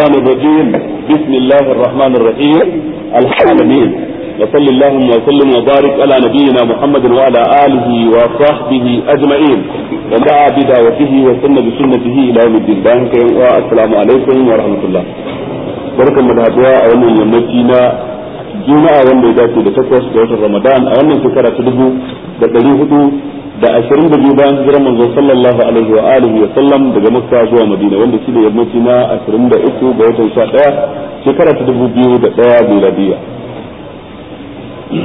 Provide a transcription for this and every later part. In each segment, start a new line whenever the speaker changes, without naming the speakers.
الشيطان الرجيم بسم الله الرحمن الرحيم الحمدين وصل اللهم وسلم وبارك على نبينا محمد وعلى آله وصحبه أجمعين ودعا بدعوته وسن بسنته إلى يوم الدين بانك والسلام عليكم ورحمة الله barkan mu da haduwa a wannan yammaci na juma'a wanda ya dace da takwas ga watan ramadan a wannan shekara ta dubu da ɗari hudu da ashirin da biyu bayan hijirar manzo sallallahu alaihi wa alihi wa sallam daga makka zuwa madina wanda shi da yammaci na ashirin da uku ga watan sha ɗaya shekara ta dubu biyu da ɗaya miladiya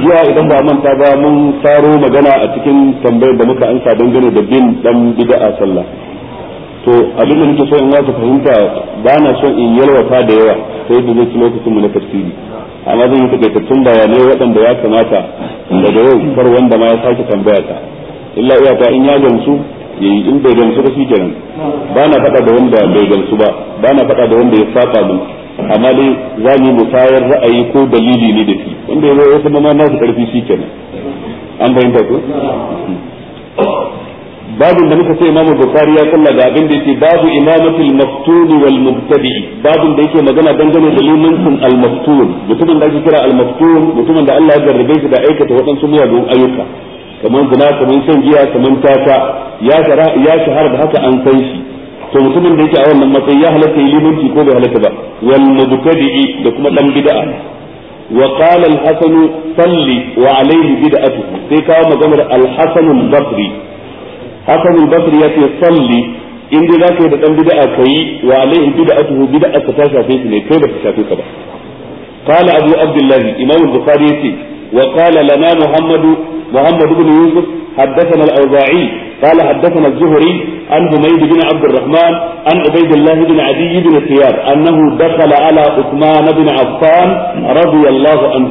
zuwa idan ba manta ba mun faro magana a cikin tambayar da muka ansa dangane da bin dan bid'a sallah to abin da nake so in wasu fahimta ba na son in yalwata da yawa sai da zai ci lokacin mu na tafsiri amma zan yi takaitattun bayanai waɗanda ya kamata daga yau kar wanda ma ya sake tambaya ta illa iyaka in ya gamsu yayi in bai gamsu ba shikenan ba na faɗa da wanda bai gamsu ba ba na faɗa da wanda ya saba mu amma dai za mu tayar ra'ayi ko dalili ne da shi wanda ya wata mana na su karfi kenan an bayyana ko babu da muka ce imamu bukari ya kalla ga abin da yake babu imamatul maftun wal mubtadi babu da yake magana dangane da limancin al maftun mutumin da ake kira al maftun mutumin da Allah ya jarrabe shi da aikata waɗansu miyagun ayyuka kamar zina kamar shan giya kamar tata ya shara ya shahara da haka an san shi to mutumin da yake a wannan matsayi ya yi limanci ko bai halatta ba wal mubtadi'i da kuma dan bid'a wa qala al-hasan salli wa alayhi bid'atuhu sai kawo maganar al-hasan al-basri hasan al-basri yace salli in dai zaka yi da dan bid'a kai wa alayhi bid'atuhu bid'a ta shafe shi ne kai ba ta shafe ka ba abu أبو عبد الله إمام البخاري وقال لنا محمد محمد بن يوسف حدثنا الأوزاعي قال حدثنا الزهري عن حميد بن عبد الرحمن عن عبيد الله بن عدي بن الثياب أنه دخل على عثمان بن عفان رضي الله عنه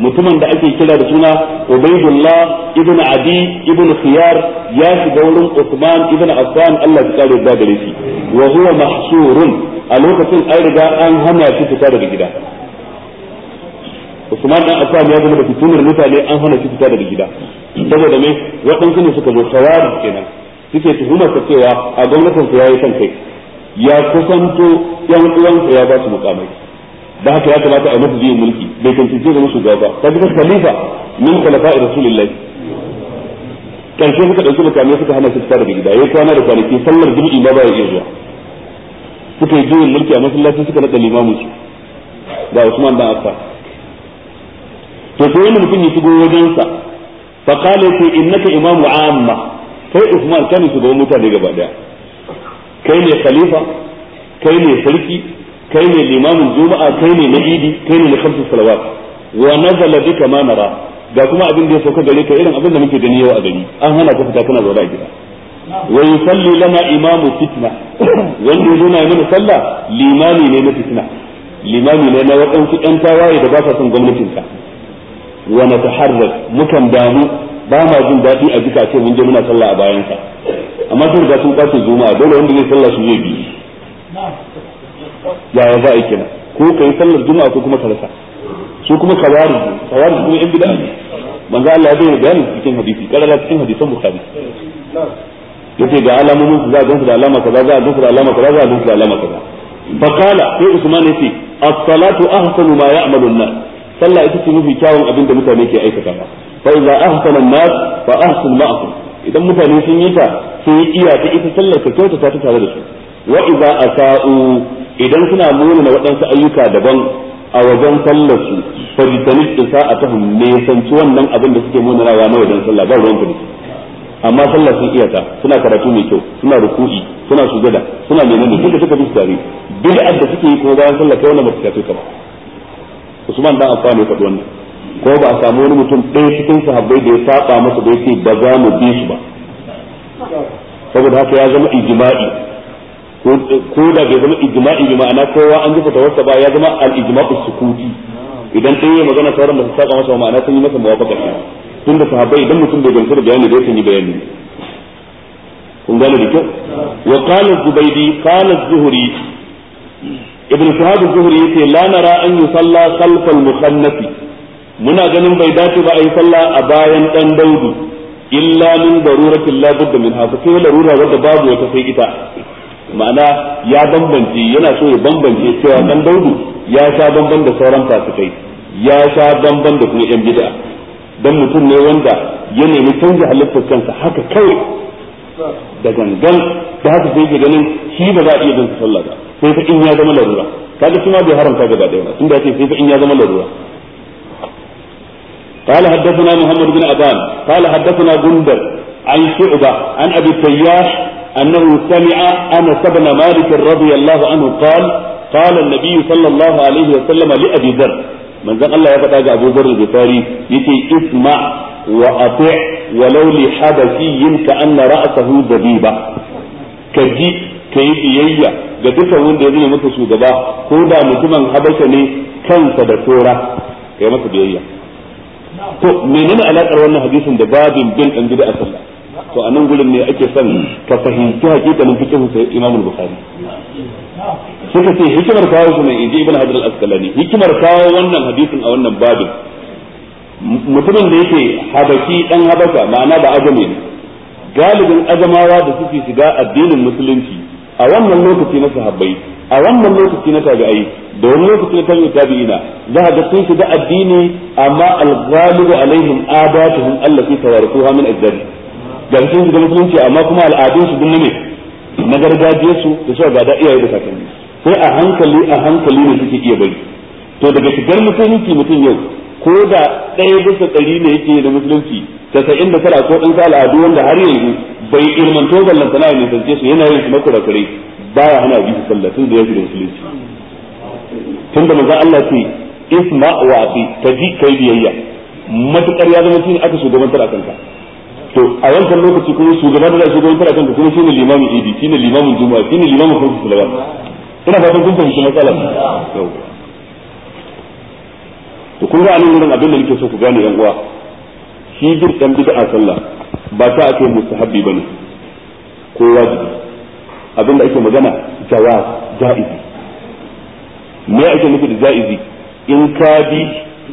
mutumin da ake kira da suna Ubaydullah ibn Adi ibn Khiyar ya shiga wurin Uthman ibn Affan Allah ya kare da gare shi wa huwa mahsurun a lokacin an riga an hana shi fita daga gida Usman dan Affan ya zama da fitinar mutane an hana shi fita daga gida saboda me waɗansu ne suka zo kawari kenan suke tuhuma ta cewa a gwamnatin sa yayi kan kai ya kusanto yan uwan uwansa ya ba su mukamai da haka ya kamata a masa biyan mulki bai tantance da musu gaba ta bi khalifa min khalafa'i rasulillahi karshe suka dauki mutane suka hana su fita daga gida yayi kwana da kwanaki sallar jumu'i ba ba ya iya zuwa suka yi juyin mulki a masallaci suka naɗa limamin su ga Usman dan Affan to sai wani mutum ya shigo wajensa fa qala ta innaka imamu amma kai Usman kana shugaban mutane gaba daya kai ne khalifa kai ne sarki kai ne limamin juma'a kai ne na kai ne na khamsu salawat wa nazala bika ma nara ga kuma abin da ya sauka gare ka irin abin da muke gani yau a gari an hana ka fita kana zaune a gida wa yusalli lana imamu fitna wanda yana yi mana sallah limami ne na fitna limami ne na waɗansu ƴan tawaye da ba sa son gwamnatin gwamnatinka wa nataharrak mukan damu ba ma jin daɗi a jika ce mun je muna sallah a bayan sa amma sun ga sun kwace a dole wanda zai sallah su zai bi ya za a kenan ko kai sallar juma'a ko kuma ka rasa su kuma kawari kawari kuma yan bid'a ne manzo Allah ya bayyana bayanin cikin hadisi karara cikin hadisan bukhari yace ga alamomin su za a gansu da alama kaza za a gansu da alama kaza za a gansu da alama kaza fa kala sai usman yace as-salatu ahsanu ma ya'malu an-nas sallah ita ce mafi kyawun abin da mutane ke aikata fa idza ahsana an-nas fa ahsin ma'akum idan mutane sun yi ta sun yi iya ta ita sallar ka kyautata ta tare da su wa idza asa'u idan suna muna na waɗansu ayyuka daban a wajen sallar su fa jitani isa'atuhum ne ci wannan abin da suke rawa na wajen sallah ba ruwan kudi amma sallah sun iya ta suna karatu mai kyau suna ruku'i suna sujada suna menene duka suka bi tare bid'a da suke yi kuma bayan sallah kai wannan ba ta kace ka ba Usman dan Affan ya faɗi wannan ko ba a samu wani mutum ɗaya cikin sahabbai da ya saba masa da yake ba za mu bi su ba saboda haka ya zama ijma'i ko da bai zama ijma'i bi ma'ana kowa an ji wasa ba ya zama al-ijma'u sukuti idan ɗaya ya magana sauran ba su saba masa ma'ana sun yi masa muwafaqa tun da sahabbai idan mutum bai gamsu da bayani da yake yi bayani kun gane da kyau wa qala zubaydi qala zuhri ibn shahab az-zuhri yace la nara an yusalla khalfal musannafi muna ganin bai dace ba a yi sallah a bayan ɗan daudu illa min daruratin da budda min ha sai larura wanda babu wata sai ita ma'ana ya bambance yana so ya bambance cewa ɗan daudu ya sha bamban da sauran fasikai ya sha bamban da kuma yan bid'a don mutum ne wanda ya nemi canza halittar kansa haka kawai da gangan da haka sai ke ganin shi ba za a iya bin sallah ba sai fa in ya zama larura kaga shi ma bai haramta gaba da yawa inda yake sai fa in ya zama larura قال حدثنا محمد بن عبان قال حدثنا جندر عن شعبة عن أبي التياح أنه سمع أنس بن مالك رضي الله عنه قال قال النبي صلى الله عليه وسلم لأبي ذر من ذا الله يفتح أبو ذر الغفاري يتي اسمع وأطع ولو لحبشي كأن رأسه دبيبة كجي كي بيئة ga dukkan wanda ya zama maka shugaba ko da mutumin habasha ne kansa da tsora kai masa biyayya to menene alakar wannan hadisin da babin bin dan bid'a sallah to a nan gurin ne ake son ka fahimci hakikanin fiqh sai Imam Bukhari suka ce hikimar kawo su ne inji Ibn Hajar al-Asqalani hikimar kawo wannan hadisin a wannan babin mutumin da yake habaki dan habaka ma'ana da ajami ne galibin azamawa da suke shiga addinin musulunci a wannan lokaci na sahabbai a wannan lokaci na tabi'ai da wani lokaci na tabi'i tabi'ina za a ga sun shiga addini amma al-ghalibu alaihim adatuhum allati tawarathuha min ajdadi da sun shiga musulunci amma kuma al'adun su dinne ne na gargajiyar su da suka gada iyaye da kakanni sai a hankali a hankali ne suke iya bari to daga shigar musulunci mutum yau ko da ɗaya bisa ɗari ne yake da musulunci casa'in da tara ko ɗansa al'adu wanda har yanzu bai ilmanto ballan sana'a ne sarki su yana yin su na kurakurai baya hana bi su sallah tun da ya da musulunci tun da manzo Allah ce isma wa abi taji kai biyayya matukar ya zama shine aka shugabantar akan kanka. to a wancan lokaci kuma shugaban da shugabantar akan kanka, kuma shi ne limamin idi ne limamin juma'a shi ne limamin kansu salawa ina fatan kun fahimci matsalar to kun ga anan nan abin da nake so ku gane yan uwa shi bir dan bid'a sallah ba ta ake mustahabbi bane ko wajibi abin da ake magana jawaz jaizi me ake nufi da jaizi in ka bi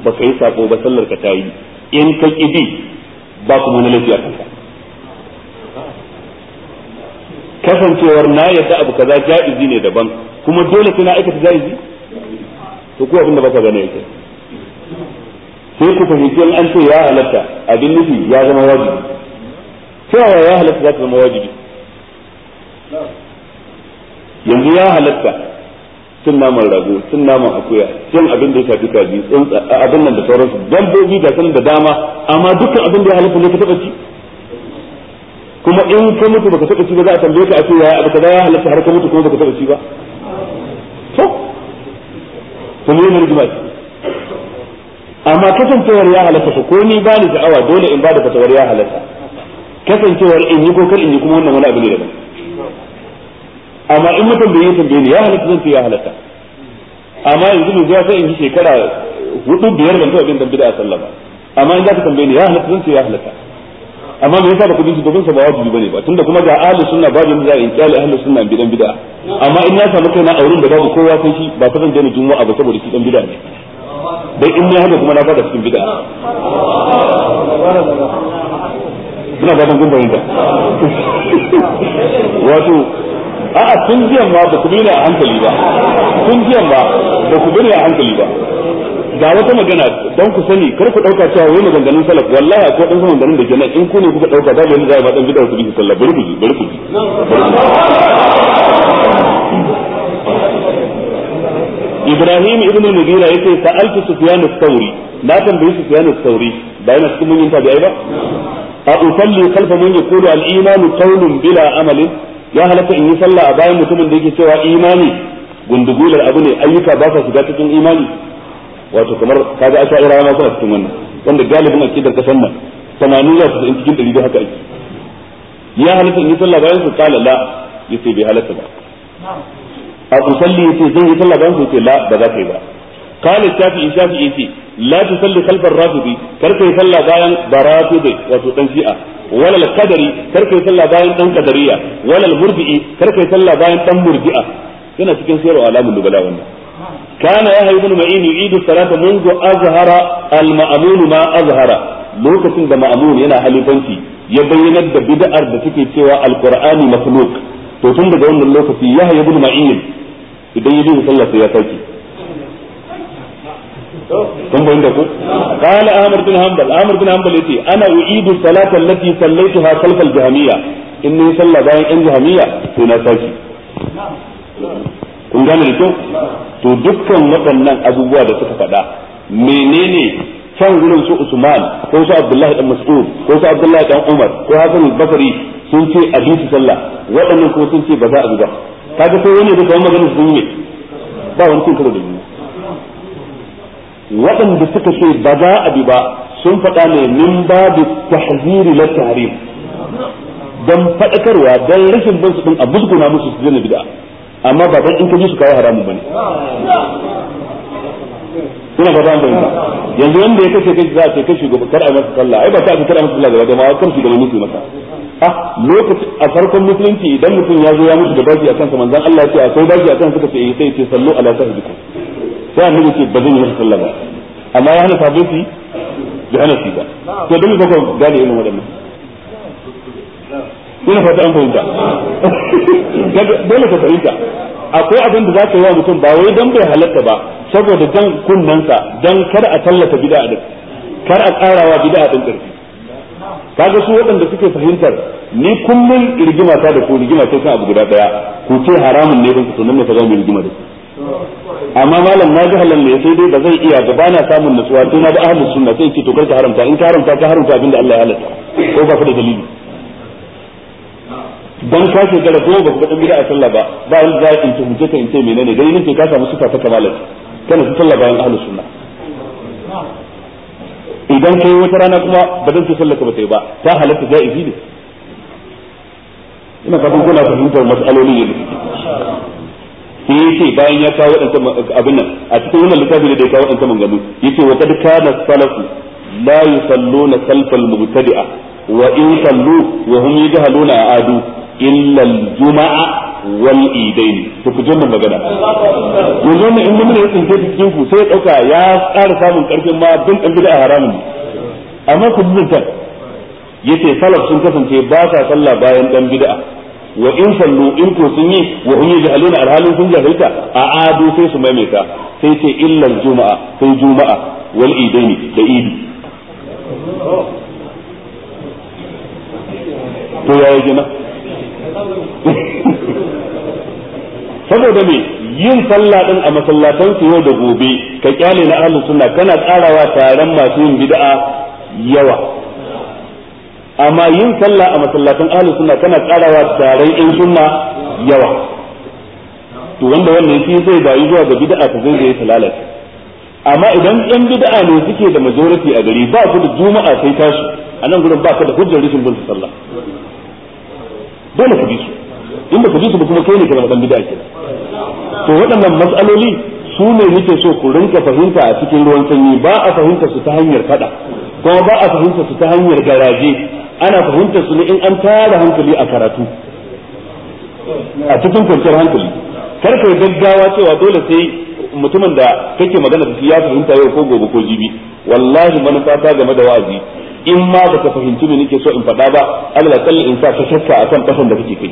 ba ka yi sako ba sallar ka ta yi in ka kidi bi ba ku na laifi a kanka kasancewar na yadda abu kaza jaizi ne daban kuma dole kina aikata jaizi to ko abin da baka gane yake sai ku fahimci in an ce ya halatta abin nufi ya zama wajibi yaya ya halatta za ta zama wajibi yanzu ya halatta cin naman rago cin naman akuya cin abin da ya shafi kaji abin nan da sauransu dabbobi da sanin da dama amma dukkan abin da ya halatta ne ka taɓa ci kuma in ka mutu baka taɓa ci ba za a tambaye ka a ce ya abu kaza ya halatta har ka mutu kuma baka taɓa ci ba to kuma yana rigima amma kasancewar ya halatta ko ni ba ni sha'awa dole in ba da fatawar ya halatta kasancewar in yi ko kar in yi kuma wannan wani abu ne daban amma in mutum bai yi tambaye ni ya halatta zan ce ya halatta amma yanzu mai zuwa sai in yi shekara hudu biyar ban taɓa bin dambe da sallah ba amma in za ka tambaye ni ya halatta zan ce ya halatta amma me yasa ba ku bin domin sa ba wajibi bane ba tunda kuma ga ahli sunna babu yanda za a yi kyale ahli sunna bidan bid'a amma in ya samu kaina a wurin da babu kowa sai shi ba ta zan daina jumu'a ba saboda shi dan bid'a ne dai in na haɗa kuma na fada cikin bid'a ina ba don gumbayin da wato a'a tun jiyan ma ba ku bi a hankali ba tun jiyan ba ba ku bi a hankali ba ga wata magana don ku sani kar ku dauka cewa wani maganganun salaf wallahi akwai dan maganganun da nan in ku ne kuka dauka da yanda za a ba dan bid'a ku bi sallah bari ku bi bari ku
bi
ibrahim ibn al-mughira yace sa'altu sufyan al-thawri na tambayi sufyan al-thawri ba yana cikin mun yinta bai ba a usalli khalfa man yaqulu al-iman qawlun bila amalin ya halaka in yi sallah a bayan mutumin da yake cewa imani gundugular abu ne ayyuka ba sa shiga cikin imani wato kamar kaga asha'ira ma suna cikin wannan wanda galibin akidar kasan nan 80 zuwa 90 cikin 100 haka ake ya halatta in yi sallah bayan su kala la yace bai halatta ba a usalli yace zan yi sallah bayan sai la ba za ka yi ba qala shafi'i shafi'i yace la tusalli khalfar rafidi kar kai sallah bayan barafidi wato dan shi'a wala al-qadari kar sallah bayan dan qadariya wala al-murji'i kar kai sallah bayan dan murji'a yana cikin sayar alamun lugala wannan kana ya haibu ma'in yu'idu salata mundu azhara al-ma'mun ma azhara lokacin da ma'mun yana halifanci ya bayyanar da bid'ar da take cewa al-qur'ani makhluq to tun daga wannan lokaci ya haya bin ma'in idan ya bi sallah sai ya saki kun bayin da ku qala amr bin hanbal amr bin hanbal yace ana uidu salata allati sallaituha khalf al jahmiya inni sallah bayan in jahmiya to na saki kun gane da kyau to dukkan waɗannan abubuwa da suka faɗa menene can gurin su Usman ko su Abdullahi dan Mas'ud ko su Abdullahi dan Umar ko hasan al-Basri sun ce a bi sallah waɗannan kuma sun ce ba za a bi ba kaga sai wani da kuma magana sun yi ba wani cin karo da juna waɗanda suka ce ba za a bi ba sun faɗa ne min babu tahziri la tahrim dan faɗakarwa dan rashin bin su din a buzguna musu su daina bid'a amma ba dan in ka ji su kawo haramun bane
ina ba dan bayyana yanzu
wanda ya kace kai za a ce kai shugaba kar a masa sallah ai ba ta kar a masa sallah gaba da ma kar shugaba musu masa a ah, lokaci a farkon musulunci idan mutum ya zo ya mutu da baki a kansa manzan Allah ya ce akwai baki a kansa suka ce eh, sai ce sallu ala sahibikum sai annabi ce ba zan yi sallah ba amma ya hana sabon shi da hana shi ba to dan ka gane irin wadannan ina fata an fahimta dole ka fahimta akwai abin da zaka yi wa mutum ba wai dan bai halatta ba saboda dan kunnansa dan kar a tallata bid'a din kar a karawa bid'a din karfi kaga su waɗanda suke fahimtar ni kullum rigima ta da ku rigima ta kan abu guda daya ku ce haramun ne ku sunan ne ka zama rigima da amma malam na ji halan ne sai dai ba zai iya Ba na samun nutsuwa sai na da ahlus sunna sai ce to karka haramta in ka haramta ka haramta abinda Allah ya halatta ko ba ku da dalili dan ka ce kada ko ba ku dan bid'a sallah ba ba in za in tuhunce ka in ce menene dai nake ka samu sifa ta kamalat kana sallah bayan ahlus sunna idan kai wata rana kuma ba zan ce sallaka ba sai ba ta halatta jaizi ne ina fatan kuna fahimtar mas'aloli ne sai yace bayan ya kawo wadannan abin nan a cikin wannan littafin da ya kawo wadannan maganganu yace wa kad kana salafu la yusalluna khalfal mubtadi'a wa in sallu wa hum yajhaluna adu illa al-jum'a wal idaini to ku jin magana yanzu in mun ne tsinke cikin ku sai dauka ya tsara samun karfin ma bin dan bid'a haramun amma ku zunta yace salaf sun kasance ba sa sallah bayan dan bid'a wa in sallu in ko sun yi wa hum yajhaluna alhalin sun jahilta a adu sai su maimaita sai ce illan juma'a sai juma'a wal idaini da idi
to yayi gina.
saboda me yin sallah din a masallatan su yau da gobe ka kyale na ahlus sunna kana karawa taron masu yin bid'a yawa amma yin sallah a masallatan ahlus sunna kana karawa taron in sunna yawa to wanda wannan shi zai bayi zuwa ga bid'a ta zai zai lalata amma idan yan bid'a ne suke da majority a gari ba su da juma'a sai tashi anan nan gurin ba ka da hujjar rishin bin sallah dole ka bi su in ba ka bi su ba kuma kai ne ka zama dan bid'a ke to waɗannan matsaloli su ne nake so ku rinka fahimta a cikin ruwan sanyi ba a fahimta su ta hanyar faɗa. kuma ba a fahimta su ta hanyar garaje ana fahimta su ne in an tara hankali a karatu a cikin kwanciyar hankali kar ka gaggawa cewa dole sai mutumin da kake magana da shi ya fahimta yau ko gobe ko jibi wallahi manufa ta game da wa'azi in ma ba baka fahimci me nake so in faɗa ba Allah kalli in sa ka shakka akan kasan da kake kai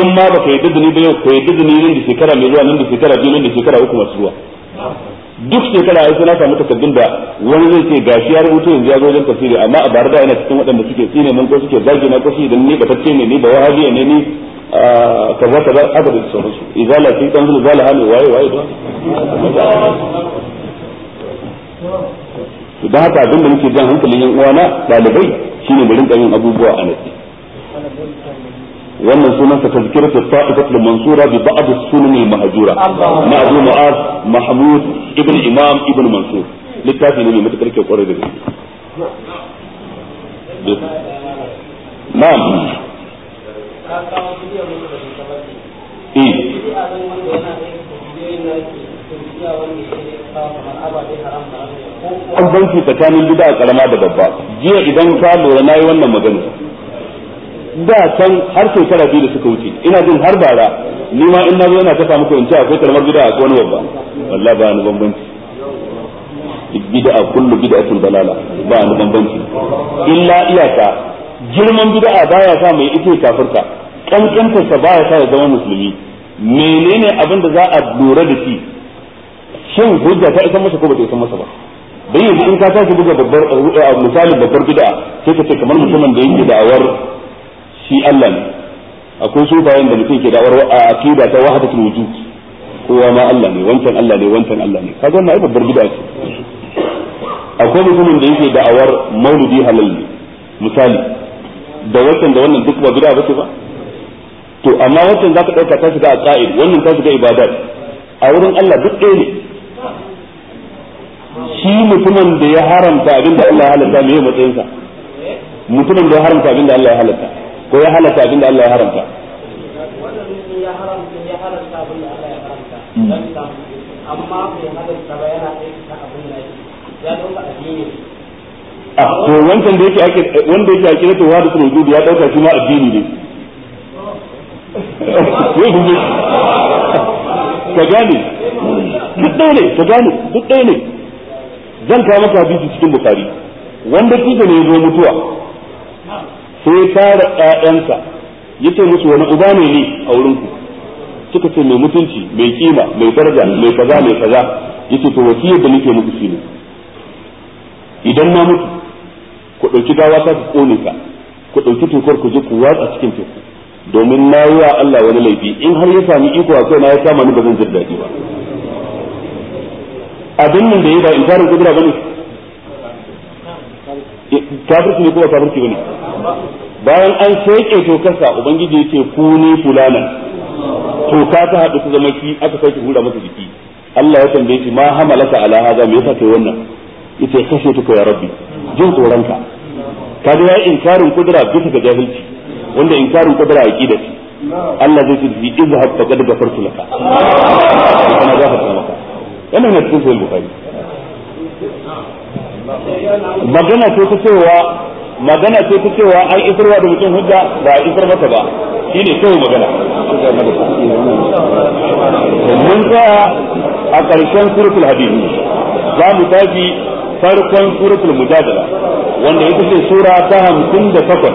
in ma ba baka yi ni ba yau ka yi ni nan da shekara mai zuwa nan da shekara biyu nan da shekara uku masu zuwa duk shekara ai na samu takaddun da wani zai ce gashi ya rubuta yanzu ya zo wajen tafsiri amma a bara da yana cikin waɗanda suke tsine mun ko suke zagi na ko suke dan ni batacce ne ni ba wahabiya ne ni kaza kaza aka da sauransu izala fi dan zulu zalaha hannu waye waye da da haka abin da nake jan hankalin yan uwana dalibai shine mu rinka yin abubuwa a nasi wannan sunan sa tazkiratu ta'ifatul mansura bi ba'd as-sunan al-mahjura na Abu Mu'az Mahmud ibn Imam ibn Mansur littafi ne mai matakar kyau kwarai da gaske na'am eh bambanci tsakanin a karama da babba jiya idan ka lura na yi wannan magana da can har shekara biyu da suka wuce ina jin har bara ni ma in zo yana ta samu ko in ce akwai karamar gida a wani babba wallah ba ni bambanci a kullu bid'atin dalala ba ni bambanci illa iyaka girman a baya sa mai ita kafirta kankanta sa baya sa ya zama musulmi menene abin da za a lura da shi shin hujja ta isa masa ko bata isan masa ba dan yanzu in ka tashi buga babbar eh, misali babbar bid'a sai ka ce kamar mutumin da yake da'awar shi Allah ne akwai sufayen da mutum ke da'awar aqida ta wahdatul wujud kowa ma Allah ne wancan Allah ne wancan Allah ne kaga wannan ai babbar bid'a ce akwai mutumin da yake da'awar mauludi halal ne misali da wancan da wannan duk ba bid'a bace ba to amma wancan zaka dauka ta shiga aqaid wannan ta shiga ibada a wurin Allah duk ɗaya ne shi mutumin da ya haramta abin da Allah ya halatta me matsayin sa mutumin da ya haramta abin da Allah ya halatta ko ya halatta abin da Allah ya haramta
amma ah, bai halatta ba yana aikata abin da ya dauka addini
to wancan da yake ake wanda yake ake to wa da kuma gudu ya dauka shi ma addini ne ka gane duk ɗaya ne ka gane duk ɗaya ne zan kawo maka hadisi cikin bukari wanda kike ne zo mutuwa sai tara ƴaƴansa yace musu wani uba ne ne a wurin ku suka ce mai mutunci mai kima mai daraja mai kaza mai kaza yace to wasiyar da nake muku shine idan na mutu ku ɗauki gawa ta ku kone ka ku dauki tukar ku je ku watsa cikin teku domin na yi wa Allah wani laifi in har ya sami iko a kai na ya kama ni ba zan jin daɗi ba abin nan da yi ba inkarin kudura bane kafirci ne ko ba kafirci bane bayan an sheke tokarsa ubangiji yake ku ne fulanan toka ta haɗu ta zama ki aka sake hura masa jiki Allah ya tambaye shi ma hamalaka ala hada me yasa kai wannan yace kashe tuka ya rabbi jin tsoronka ka ga inkarin kudura bisa ga jahilci wanda inkarin kudura aqida ce Allah zai ce izhab faqad ghafartu laka kana gafarta maka wannan na cikin sahih bukari
magana ce ta cewa magana ce ta cewa
an isarwa da mutum hujja ba a isar mata ba shi ne kawai magana mun tsaya a ƙarshen surukul hadisi za mu tafi farkon suratul mujadala wanda ita ce sura ta hamsin da takwas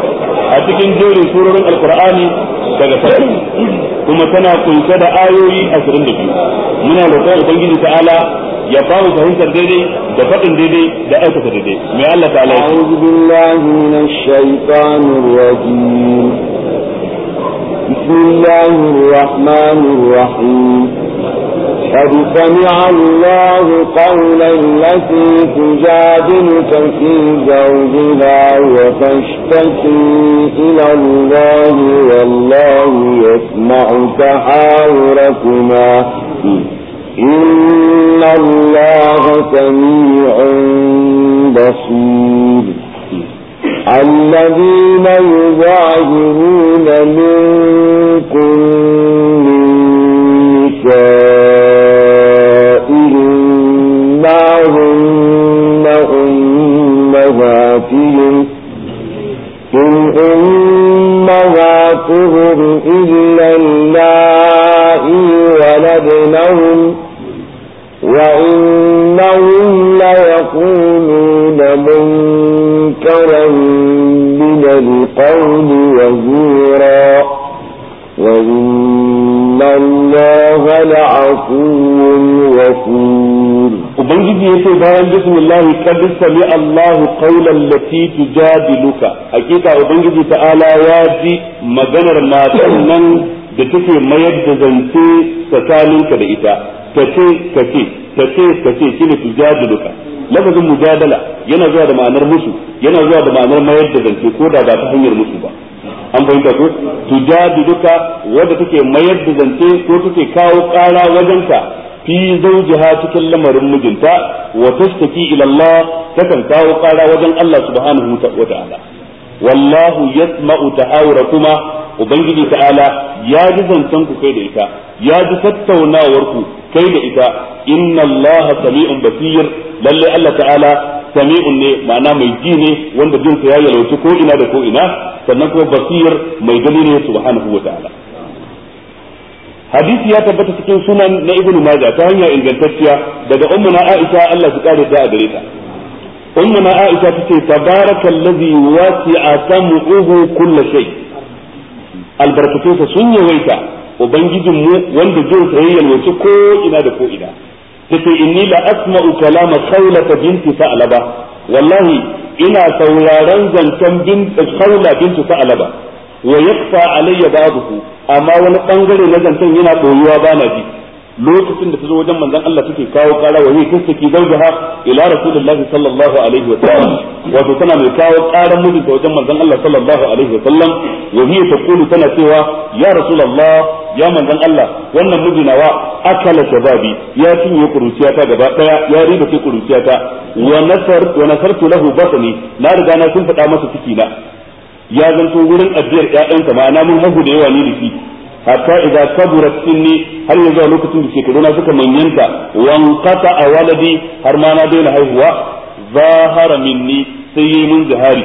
a cikin jerin surorin alkur'ani daga farko kuma tana kunshe da ayoyi ashirin da biyu muna roƙon ubangiji ta'ala ya fara fahimtar daidai da faɗin daidai da aikata daidai mai Allah ta'ala
ya بسم الله الرحمن الرحيم قد سمع الله قولا التي تجادلك في زوجها وتشتكي إلى الله والله يسمع تحاوركما إن الله سميع بصير الذين يظاهرون منكم من نسائهم ما هن أمهاتهم إن أمهاتهم إلا الله ولدنهم وإنهم ليقولون منكم القول وزورا وإن الله لعفو غفور وبنجد يتي بايان
بسم الله قد سمع الله قولا التي تجادلك حقيقة وبنجد تعالى يأتي مغنر ما تنن da take mayar da zance tsakaninka da ita kace kace kace kace shine tujadiluka lafazin mujadala yana zuwa da ma'anar musu yana zuwa da ma'anar mayar da zance ko da ba ta hanyar musu ba an fahimta ko tujadiduka wadda take mayar da zance ko take kawo ƙara wajenka fi zawjiha cikin lamarin mijinta wa tashtaki ila Allah takan kawo ƙara wajen Allah subhanahu wa ta'ala wallahu yasma'u ta'awurakuma ubangiji ta'ala ya ji zancen ku kai da ita ya ji tattaunawar ku kai da ita inna Allah sami'un basir lalle Allah ta'ala sami'un ne ma'ana mai ji ne wanda jin sa ya yalwaci ko ina da ko ina sannan kuma basir mai gani ne subhanahu wa ta'ala hadisi ya tabbata cikin sunan na ibnu majah ta hanya ingantacciya daga ummuna aisha Allah su kare ta a gare ta ummuna aisha tace tabarakallazi wasi'a sam'uhu kullu shay albarakatu sun yawaita ubangijin mu wanda zai sa yayin ko ina da ko ina tace inni la asma'u kalama khawlata binti sa'laba wallahi ina sauraron zantan binti khawla binti sa'laba wa yakfa alayya ba'dahu amma wani bangare na zantan yana boyuwa bana ji lokacin da ta zo wajen manzon Allah take kawo kara wa yake take zaujaha ila rasulullah sallallahu alaihi wa sallam wato tana mai kawo karan mijinta wajen manzon Allah sallallahu alaihi wa sallam wa hiya taqulu tana cewa ya rasulullah ya manzon Allah wannan mijina wa akala shababi ya cinye kuruciyata gaba daya ya riba ce kuruciyata wa nasar wa nasartu lahu batni na riga na sun fada masa ciki na ya zanto wurin ajiyar ƴaƴanka ma'ana mun haihu da yawa ni da shi hatta idza kaburat sinni har yanzu a lokacin da shekaru na suka manyanta wan a waladi har ma na daina haihuwa zahara minni sai yi mun zahari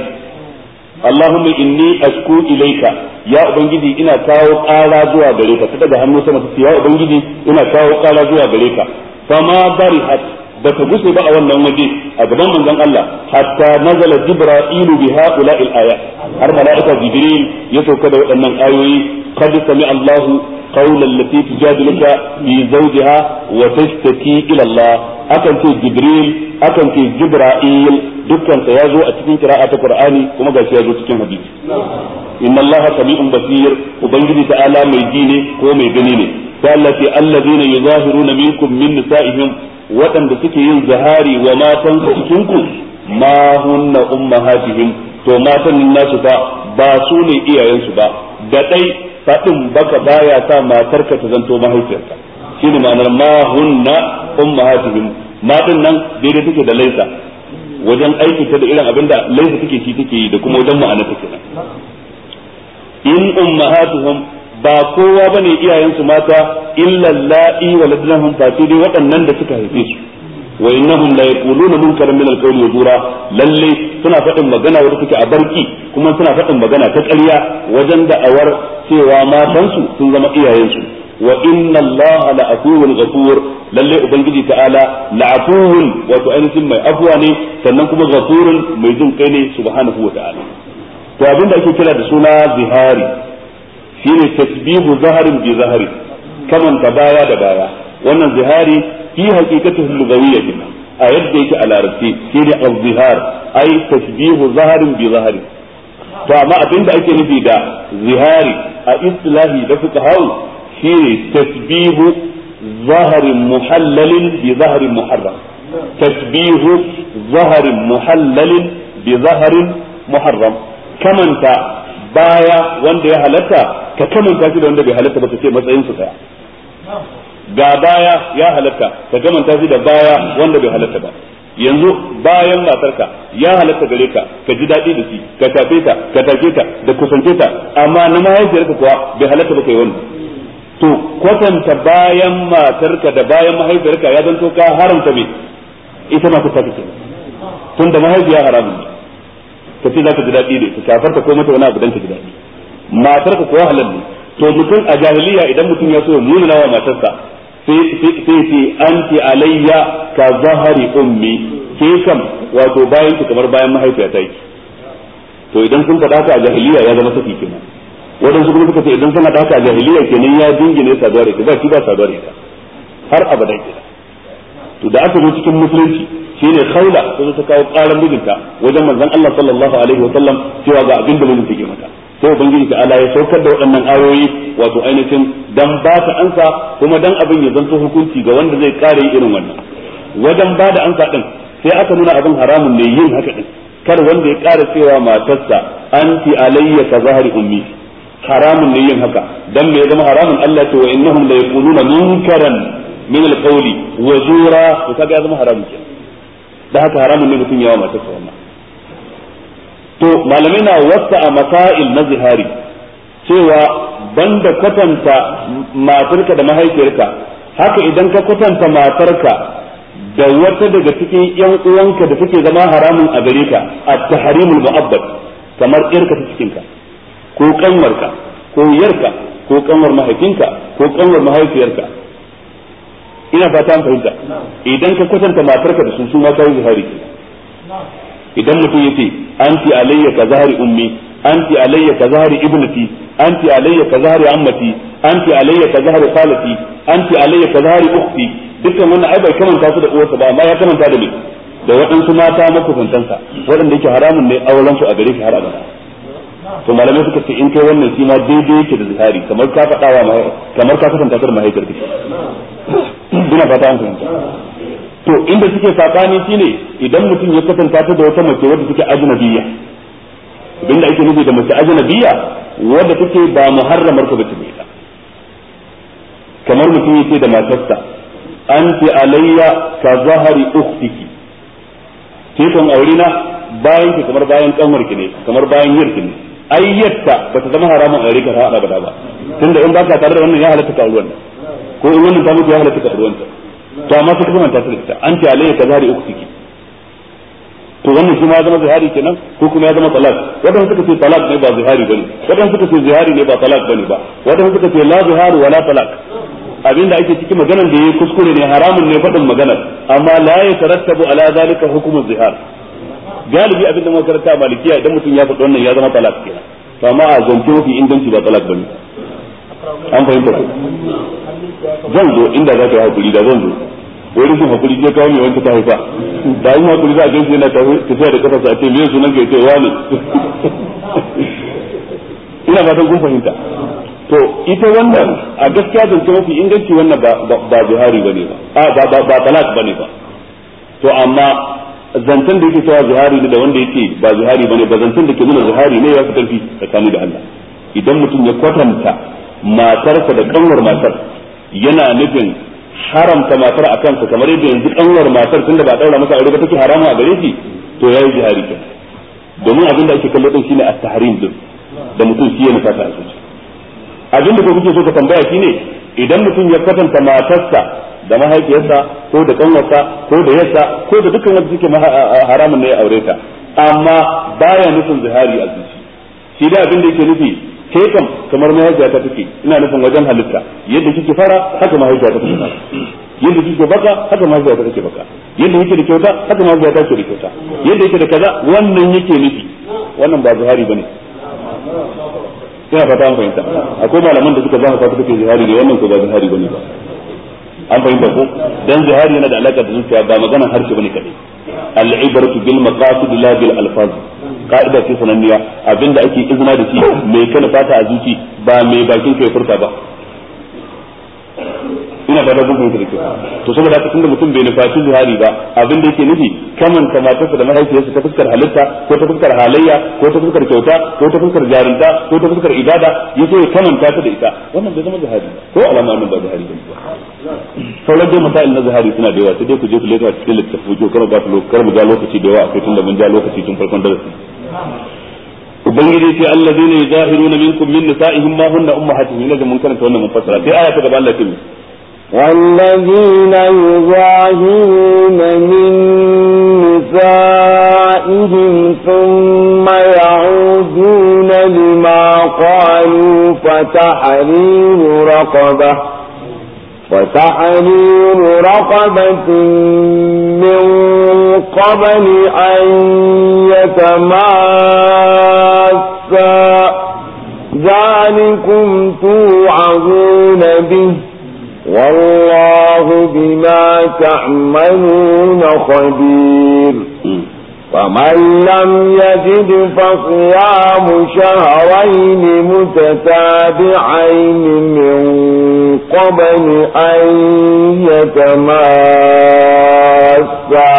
Allahumma inni asku ilaika ya ubangiji ina kawo ƙara zuwa gare ka ta daga hannu sama ta ya ubangiji ina kawo ƙara zuwa gare ka fama barihat ba ta gushe ba a wannan waje a gaban manzon Allah hatta nazala jibra'ilu bi ha'ula'i al-aya har malaika jibril ya sauka da waɗannan ayoyi qad sami Allahu قول التي تجادلك في زوجها وتشتكي الى الله akan ce jibril akan ce jibra'il dukkan sa yazo a cikin qira'a ta qur'ani kuma gashi yazo cikin hadisi inna allaha sami'un basir ubangiji ta'ala mai ji ne ko mai gani ne sai Allah ce allazina yuzahiruna minkum min nisa'ihim waɗanda suke yin zahari wa matan su cikin ku ma hunna ummahatihim to matan nasu fa ba su ne iyayensu ba da dai fadin baka baya sa matarka ta zanto mahaifiyarka shine ma'anar ma hunna ummahatihim matan nan daidai take da laisa wajen aiki ta da irin abinda laisa take shi take yi da kuma wajen ma'ana take nan in ummahatuhum ba kowa bane iyayensu mata illa la'i waladnahum fatidi waɗannan da suka haife su wa innahum la yaquluna munkaran min al-qawli wa zura lalle suna faɗin magana wanda suke a barki kuma suna faɗin magana ta ƙarya wajen da'awar cewa matansu sun zama iyayensu wa inna Allah la afuwun ghafur lalle ubangiji ta'ala la afuwun wato ainihin mai afwa ne sannan kuma ghafurun mai jin kai ne subhanahu wa ta'ala to abinda ake kira da suna zihari shine tasbihu zaharin bi zahari kamanta baya da baya wannan zihari fi haqiqatihi lugawiyya din a yadda yake a larabci shine az-zihar ai tashbihu zaharin bi zahari to amma abin da ake nufi da zihari a istilahi da fuqahaw hau tashbihu zaharin muhallalin bi zaharin muharram tashbihu zaharin muhallalin bi zaharin muharram kamanta baya wanda ya halatta ka kamanta shi da wanda bai halatta ba ka ce matsayin su daya ga baya ya halatta ka gamanta ta da baya wanda bai halatta ba yanzu bayan matarka ya halatta gare ka ka ji daɗi da shi ka tafe ta ka take ta da kusance ta amma na mahaifiyarka kuwa bai halatta ba kai wani to kwatanta bayan matarka da bayan mahaifiyarka ya zanto ka haramta me ita ma ta take tun da mahaifiya haramun ne ka ce za ka ji daɗi da ita kafarta ko mata wani abu don ta ji daɗi matarka kuwa halal ne to mutum a jahiliya idan mutum ya so ya munana wa matarsa sai ce anti alayya ka zahari ummi ke kam wato bayan ki kamar bayan mahaifiyata yi to idan sun faɗa ka a jahiliya ya zama saki kenan wadansu kuma suka ce idan sun faɗa a jahiliya kenan ya dingine saduwa da ita ba ki ba saduwa da ita har abada kenan to da aka zo cikin musulunci shine khawla ta zo ta kawo karan mijinta wajen manzon Allah sallallahu alaihi wa sallam cewa ga abin da mijinta ke mata sai ubangiji ta ala ya saukar da waɗannan ayoyi wato ainihin dan ba ta ansa kuma dan abin ya zanto hukunci ga wanda zai kare yi irin wannan wajen ba da ansa din sai aka nuna abin haramun ne yin haka din kar wanda ya kare cewa matarsa anti alayya ka zahari ummi haramun ne yin haka dan me ya zama haramun Allah ce wa innahum la yaquluna munkaran min alqawli wa zura to kaga ya zama haramun kenan da haka haramun ne mutum ya wa matarsa wannan to malamai na wasa a masail na zihari cewa banda kwatanta matarka da mahaifiyarka haka idan ka kwatanta matarka da wata daga cikin yan uwanka da suke zama haramun a gare ka a taharimul mu'abbad kamar irka ta cikin ka ko kanwarka ko yarka ko kanwar mahaifinka ko kanwar mahaifiyarka ina fata an fahimta idan ka kwatanta matarka da sun su ma kai zihari idan mutum yace anti alayya ka zahari ummi anti alayya ka zahari ibnati anti alayya ka zahari ammati anti alayya ka zahari khalati anti alayya ka zahari ukhti dukkan wannan ai bai kamanta su da uwarsa ba amma ya kamanta da ni da waɗansu mata makusantansa waɗanda yake haramun ne auren su a gare shi har abada to malamai suka ce in kai wannan shi ma daidai yake da zihari kamar ka faɗawa kamar ka kasanta da mahaifiyarka ina fata an fahimta to inda suke sakani shine idan mutum ya kasanta ta da wata mace wadda suke ajnabiyya abinda ake nufi da mace ajnabiyya wadda take ba muharramar ku bace ita kamar mutum yake da matarsa anti alayya ka zahari ukhtiki kifin aure na bayan ki kamar bayan kanwar ki ne kamar bayan yar ki ne ayyatta ta zama haramun aure ka hada ba tunda in baka tare da wannan ya halatta ka aure wannan ko in wannan ta mutu ya halatta ka aure wannan to amma su kuma ta tarkata an ce alayya ka zari uku suke to wannan shi ma ya zama zihari kenan ko kuma ya zama talak wadanda suka ce talak ne ba zihari bane wadanda suka ce zihari ne ba talak bane ba wadanda suka ce la zihari wala talak abinda ake cikin maganar da yayi kuskure ne haramun ne fadin maganar amma la ya tarattabu ala zalika hukumu zihar galibi abinda da karanta malikiya idan mutum ya faɗi wannan ya zama talak kenan to amma a zance mafi inganci ba talak bane an fahimta ku zan zo inda za ka yi hakuri da zan zo wani sun hakuri ya kawo mai wanke ta haifa da yin hakuri za a gaishe yana tafiya da kafa a mai sunan ka yace wani ina fatan kun fahimta to ita wannan a gaskiya ta mafi inganci wannan ba zuhari bane ba a ba ba talak bane ba to amma zancen da yake cewa zuhari ne da wanda yake ba zuhari bane ba zancen da ke nuna zuhari ne ya fi karfi tsakani da Allah idan mutum ya kwatanta matarsa da kanwar matar yana nufin haramta matar a kansa kamar yadda yanzu kanwar matar tunda ba daura masa aure ba take haramu a gare shi to yayi jihari kin domin abin da ake kallo din shine at-tahrim din da mutum shi ya nufa ta asuci abin da kuke so ka tambaya shine idan mutum ya kwatanta matarsa da mahaifiyarsa ko da kanwarsa ko da yarsa ko da dukkan wanda suke haramun ne ya aure ta amma baya nufin zihari a zuci shi da abin da yake nufi ke kam kamar mahaifiya ta take ina nufin wajen halitta yadda kike fara haka mahaifiya ta take yadda kike baka haka mahaifiya ta take baka yadda yake da kyauta haka mahaifiya ta ke da kyauta yadda yake da kaza wannan yake nufi wannan ba zuhari bane ina fata an fahimta akwai malaman da suka zama fata take zuhari ne wannan ko ba zuhari bane ba an fahimta ko dan zuhari yana da alaka da zuciya ba maganar harshe bane kadai al-ibratu bil maqasid la bil alfaz ka'ida ce sananniya abinda ake izina da shi mai kana fata a zuci ba mai bakin kai furta ba ina fata kun fahimta da kyau to saboda haka tunda mutum bai nufaci zuhari ba abinda yake nufi kaman matarsa da mahaifiyarsa ta fuskar halitta ko ta fuskar halayya ko ta fuskar kyauta ko ta fuskar jarinta ko ta fuskar ibada yake ya kamanta ta da ita wannan bai zama zuhari ko alama wannan ba zuhari ba sauran dai masail na zuhari suna da yawa sai dai ku je ku leka cikin littafin ko kar ku karba ga lokaci da yawa akwai tunda mun ja lokaci tun farkon darasi ubangiji ce allazina yuzahiruna minkum min nisa'ihim ma hunna ummahatuhum laga mun karanta wannan mun fassara sai aya ta gaba Allah ta yi والذين يظاهرون من
نسائهم ثم يعودون لما قالوا فتحرير رقبه وتحرير رقبة من قبل أن يتماسا ذلكم توعظون به والله بما تعملون خبير فمن لم يجد فصيام شهرين متتابعين من قبل أن يتماسا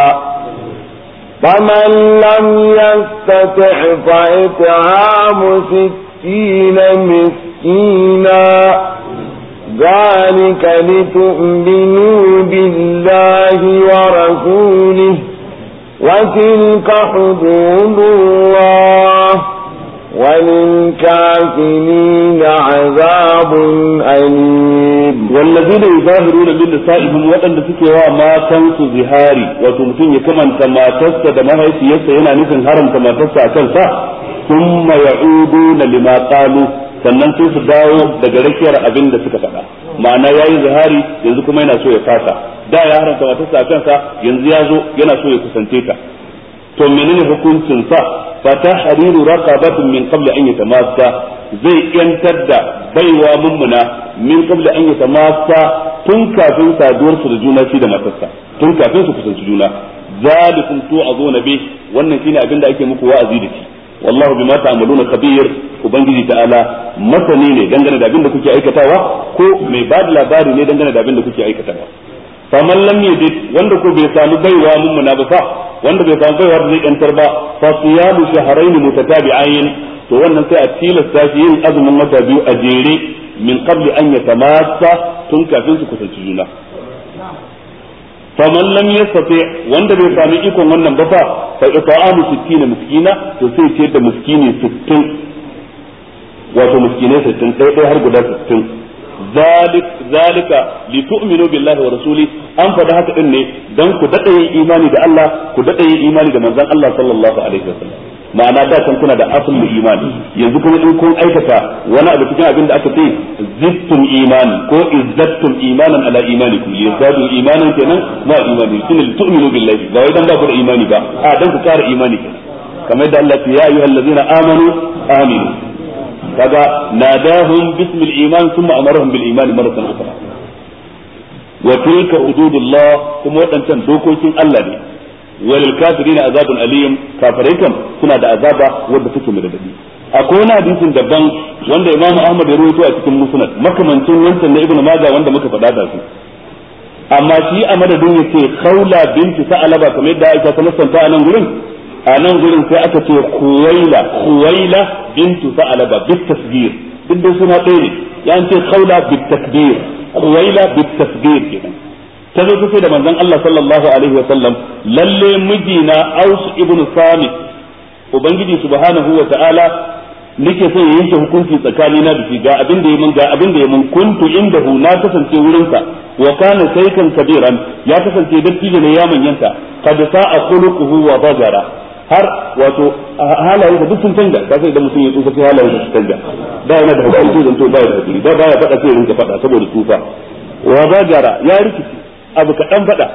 فمن لم يستطع فإطعام ستين مسكينا ذلك لتؤمنوا بالله ورسوله وتلك حدود الله وللكافرين عذاب أليم والذين
يظاهرون من نسائهم وأن تكوا ما تنس زهاري وتمتن كمن كما تسد ما هي سيسا ينا نسن هرم كما تسع كنسا ثم يعودون لما قالوا sannan sai su dawo daga rakiyar abin da suka faɗa ma'ana yayi zahari yanzu kuma yana so ya fasa da ya haranta wata a kansa yanzu ya zo yana so ya kusance ta to menene hukuncin sa fa hariru raqabatin min qabl an yatamassa zai yantar da baiwa mummuna min qabl an yatamassa tun kafin saduwar su da juna shi da matarsa tun kafin su kusanci juna zalikum azuna bi wannan shine abin ake muku wa'azi da shi wallahu bima ta'maluna khabir ubangiji ta'ala masani ne dangane da abin kuke aikatawa ko mai ba labari ne dangane da abin kuke aikatawa faman lam yajid wanda ko bai samu baiwa mummuna ba fa wanda bai samu baiwa da zai kantar ba fa siyamu shahrayn mutatabi'ain to wannan sai a tilasta shi yin azumin wata biyu a jere min qabli an yatamassa tun kafin su kusanci juna faman lam yastati wanda bai sami ikon wannan ba fa fa ita'amu 60 miskina to sai ce da miskini 60 wato miskinai 60 ɗaya har guda 60 zalik zalika li tu'minu billahi wa rasuli an faɗa haka din ne dan ku dada yin imani da Allah ku dada yin imani da manzan Allah sallallahu alaihi wasallam ma'ana da kan kuna da asalin imani yanzu kuma in kun aikata wani abu cikin abin da aka ce zittum imani ko izzattum imanan ala imanikum yazadu imanan kenan ma imani shine li tu'minu billahi ba wai dan ba ku da imani ba a dan ku kara imani kenan kamar yadda ya amanu aminu kaga nadahum bismil iman thumma amarahum bil iman maratan ukhra wa tilka hududullah kuma wadancan dokokin Allah ne walil kafirina azabun alim kafirai kan suna da azaba wanda take mai dadi akwai wani hadisin daban wanda Imam Ahmad ya rawaito a cikin Musnad makamancin wancan na ibnu Majah wanda muka faɗa da su amma shi a madadin ya ce khawla binti sa'alaba kamar yadda aisha ta nasanta a nan gurin a nan gurin sai aka ce kuwaila kuwaila bintu sa'alaba bit tasbir duk da suna ɗaya ne ya ce khawla bit takbir kuwaila bit tasbir kenan ta zo tace da manzon Allah sallallahu alaihi wa sallam lalle mijina Aus ibn Samit ubangiji subhanahu wa ta'ala nake so ya yanke hukunci tsakani na da shi ga abin da ya mun ga abin da ya mun kuntu indahu na kasance wurin sa wa kana saykan kabiran ya kasance dattijo ne ya manyanta kad sa'a khuluquhu wa bazara har wato halaye da duk sun canja ka sai idan mutum ya tsufa sai halayen ka su canja da yana da hakuri zan to baya da hakuri da ya faɗa sai rinka faɗa saboda tsufa wa bajara ya rikici abu kaɗan faɗa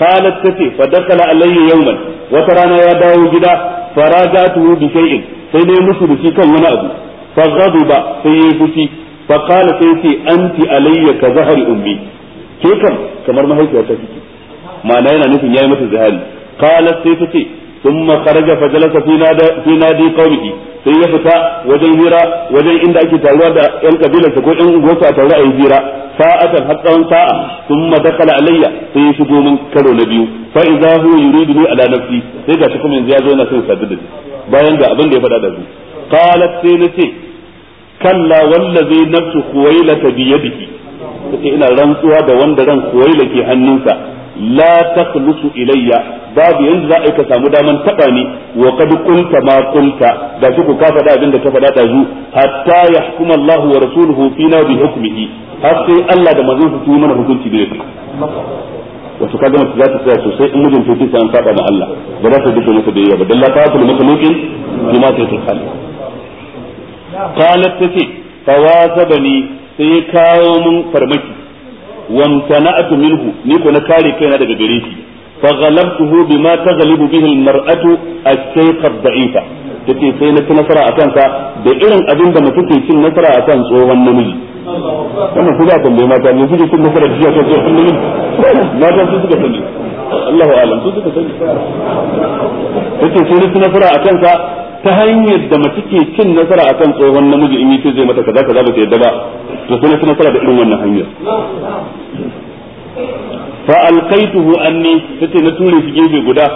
qalat tace fa dakala alayya yawman wata rana ya dawo gida farajatu bi shay'in sai dai musu da shi kan wani abu fa ghadiba sai ya fushi fa qala sai ce anti alayya ka zahari ummi ke kam kamar mahaifiyarta kike ma'ana yana nufin yayi mata zahari qalat sai tace thumma kharaja fa jalasa fi nadi sai ya fita wajen hira wajen inda ake taruwa da yan kabilarsa ko yan unguwarsa a taru a yi hira sa'atan har tsawon sa'a sun matakala alayya sai ya shigo min karo na biyu fa idza huwa yuridu ni ala nafsi sai ga kuma yanzu ya zo yana son sadu da ni bayan da abin da ya faɗa da su qalat sai na ce kalla wallazi nafsu khuwailata bi yadihi kace ina rantsuwa da wanda ran koyi ke hannunsa la takhlusu ilayya babu yanzu za a ka samu daman taba ni wa qad kunta ma kunta da shi ku ka faɗa abin da ka faɗa dazu hatta yahkuma Allahu wa rasuluhu fina bi hukmihi har sai Allah da manzon su yi mana hukunci da yake wato kaga mace za ta tsaya sosai in mijin ta kisa an saba da Allah ba za ta duka masa da yawa ba dalla ta kula maka lokin kuma ta yi tsali qalat tace tawazabani sai ya kawo mun farmaki wamtana'tu minhu ni ko na kare kaina daga gare shi fa ghalabtuhu bima taghlibu bihi almar'atu ad-da'ifa take sai na ci nasara akan sa da irin abin da mutum ke cin nasara akan tsohon namiji wannan kuma mata ne cin nasara da shi tsohon namiji mata su suka sani Allahu a'lam su suka sani take sai na ci nasara akan sa ta hanyar da mace ke cin nasara akan tsohon namiji in ce zai mata kaza kaza ba ta yadda ba to sai na nasara da irin wannan hanyar fa alqaituhu anni tace na ture shi gefe guda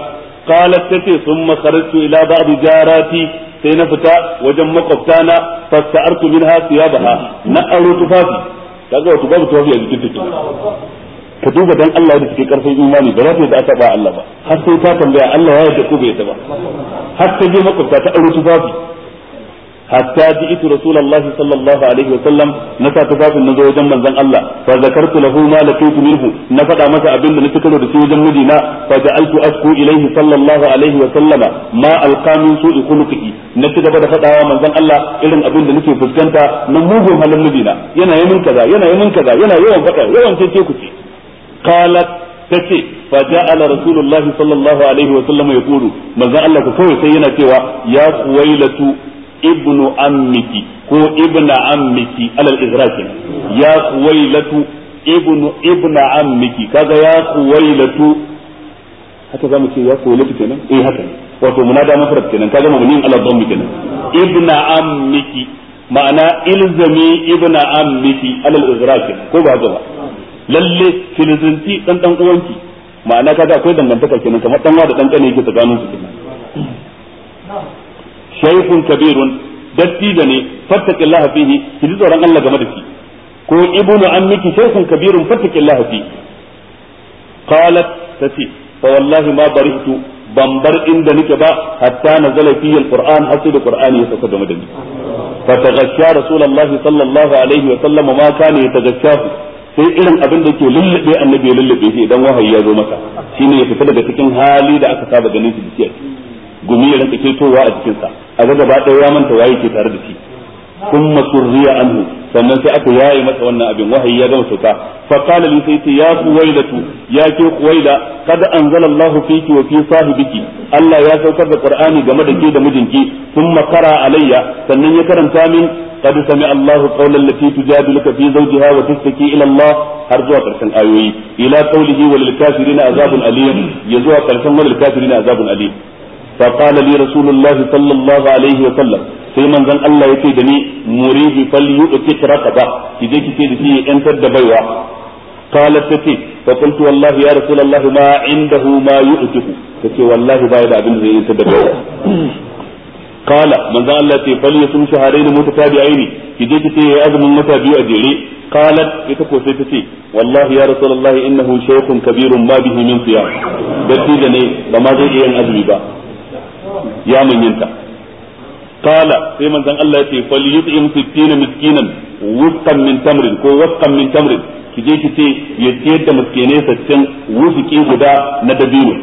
qalat tace summa kharajtu ila ba'd jarati sai na fita wajen makwabtana sa'artu minha thiyabaha na aro tufafi kaga wato babu tufafi a jikin take ka duba dan Allah da suke karfin imani ba za ta da aka ba Allah ba har sai ta tambaya Allah ya yarda ko bai yarda ba har ta je makwabta ta aure tufafi hatta ji'tu rasulullahi sallallahu alaihi wa sallam na sa tufafin na zo wajen manzon Allah fa zakartu lahu ma laqitu minhu na fada masa abin da na karo da shi wajen mijina fa ja'altu asku ilaihi sallallahu alaihi wa sallama ma alqa min su'i khuluqihi na ci gaba da faɗawa manzon Allah irin abin da nake fuskanta na mugun halin mijina yana yamin kaza yana yamin kaza yana yawan faɗa yawan cece ku ce qalat tace fa ala rasulullahi sallallahu alaihi wa sallam yaqulu manzo Allah ko kawai sai yana cewa ya kuwailatu ibnu ammiki ko ibna ammiki alal izraki ya kuwailatu ibnu ibna ammiki kaga ya kuwailatu haka zamu ce ya kuwailatu kenan eh haka wato munada mafrad kenan kaga mabniin ala dhammi kenan ibna ammiki ma'ana ilzami ibna ammiki alal izraki ko ba ba lalle filizinti dan dan uwanki ma'ana kaga akwai dangantaka kenan kamar dan da dan kane yake tsakanin su kenan shaykhun kabirun dattijo ne fattaqillaha fihi ki ji tsoron Allah game da shi ko ibnu ammiki shaykhun kabirun fattaqillaha fihi qalat tati fa wallahi ma barihtu ban bar inda nake ba hatta nazala fihi alquran har sai da qur'ani ya sauka game da ni fa taghashsha rasulullahi sallallahu alaihi wa sallam ma kana yataghashshahu sai irin abin da ke lullube annabi ya lullube shi idan wahayi ya zo masa shine ya fita daga cikin hali da aka saba ganin shi da shi gumi ya rinka ketowa a jikinsa a ga gaba ɗaya ya manta waye ke tare da shi ثم سري عنه sannan sai aka waye masa wannan abin wahayi ya gama sauka fa qala li sayti ya quwaidatu ya ke quwaida kad anzala Allahu fiki wa fi sahibiki Allah ya saukar da qur'ani game da ke da mijinki thumma qara alayya sannan ya karanta min kad sami Allahu qawlan lati tujadiluka fi zawjiha wa tashtaki ila Allah har zuwa karshen ayoyi ila qawlihi wal kafirina azabun alim ya zuwa karshen wal kafirina azabun alim فقال لي رسول الله صلى الله عليه وسلم sai manzon Allah yake da ni muridi fal yu'ti raqaba ki je kike da shi yan tadda baiwa qala tati fa qultu wallahi ya rasul Allah ma indahu ma yu'ti kace wallahi bai da abin da yake tadda baiwa qala manzon Allah ce fal yusum shahrayn mutatabi'aini ki je kike yayi azumin mata biyu a jere qalat ita ko sai tace wallahi ya rasul Allah innahu shaykhun kabirun ma bihi min siyam dadi da ne ba ma zai yin azumi ba ya manyanta qala sai manzon Allah ya ce falyut'im 60 miskinan wusqan min tamrin ko wusqan min tamrin ki je ki ce ya da miskinai guda na dabino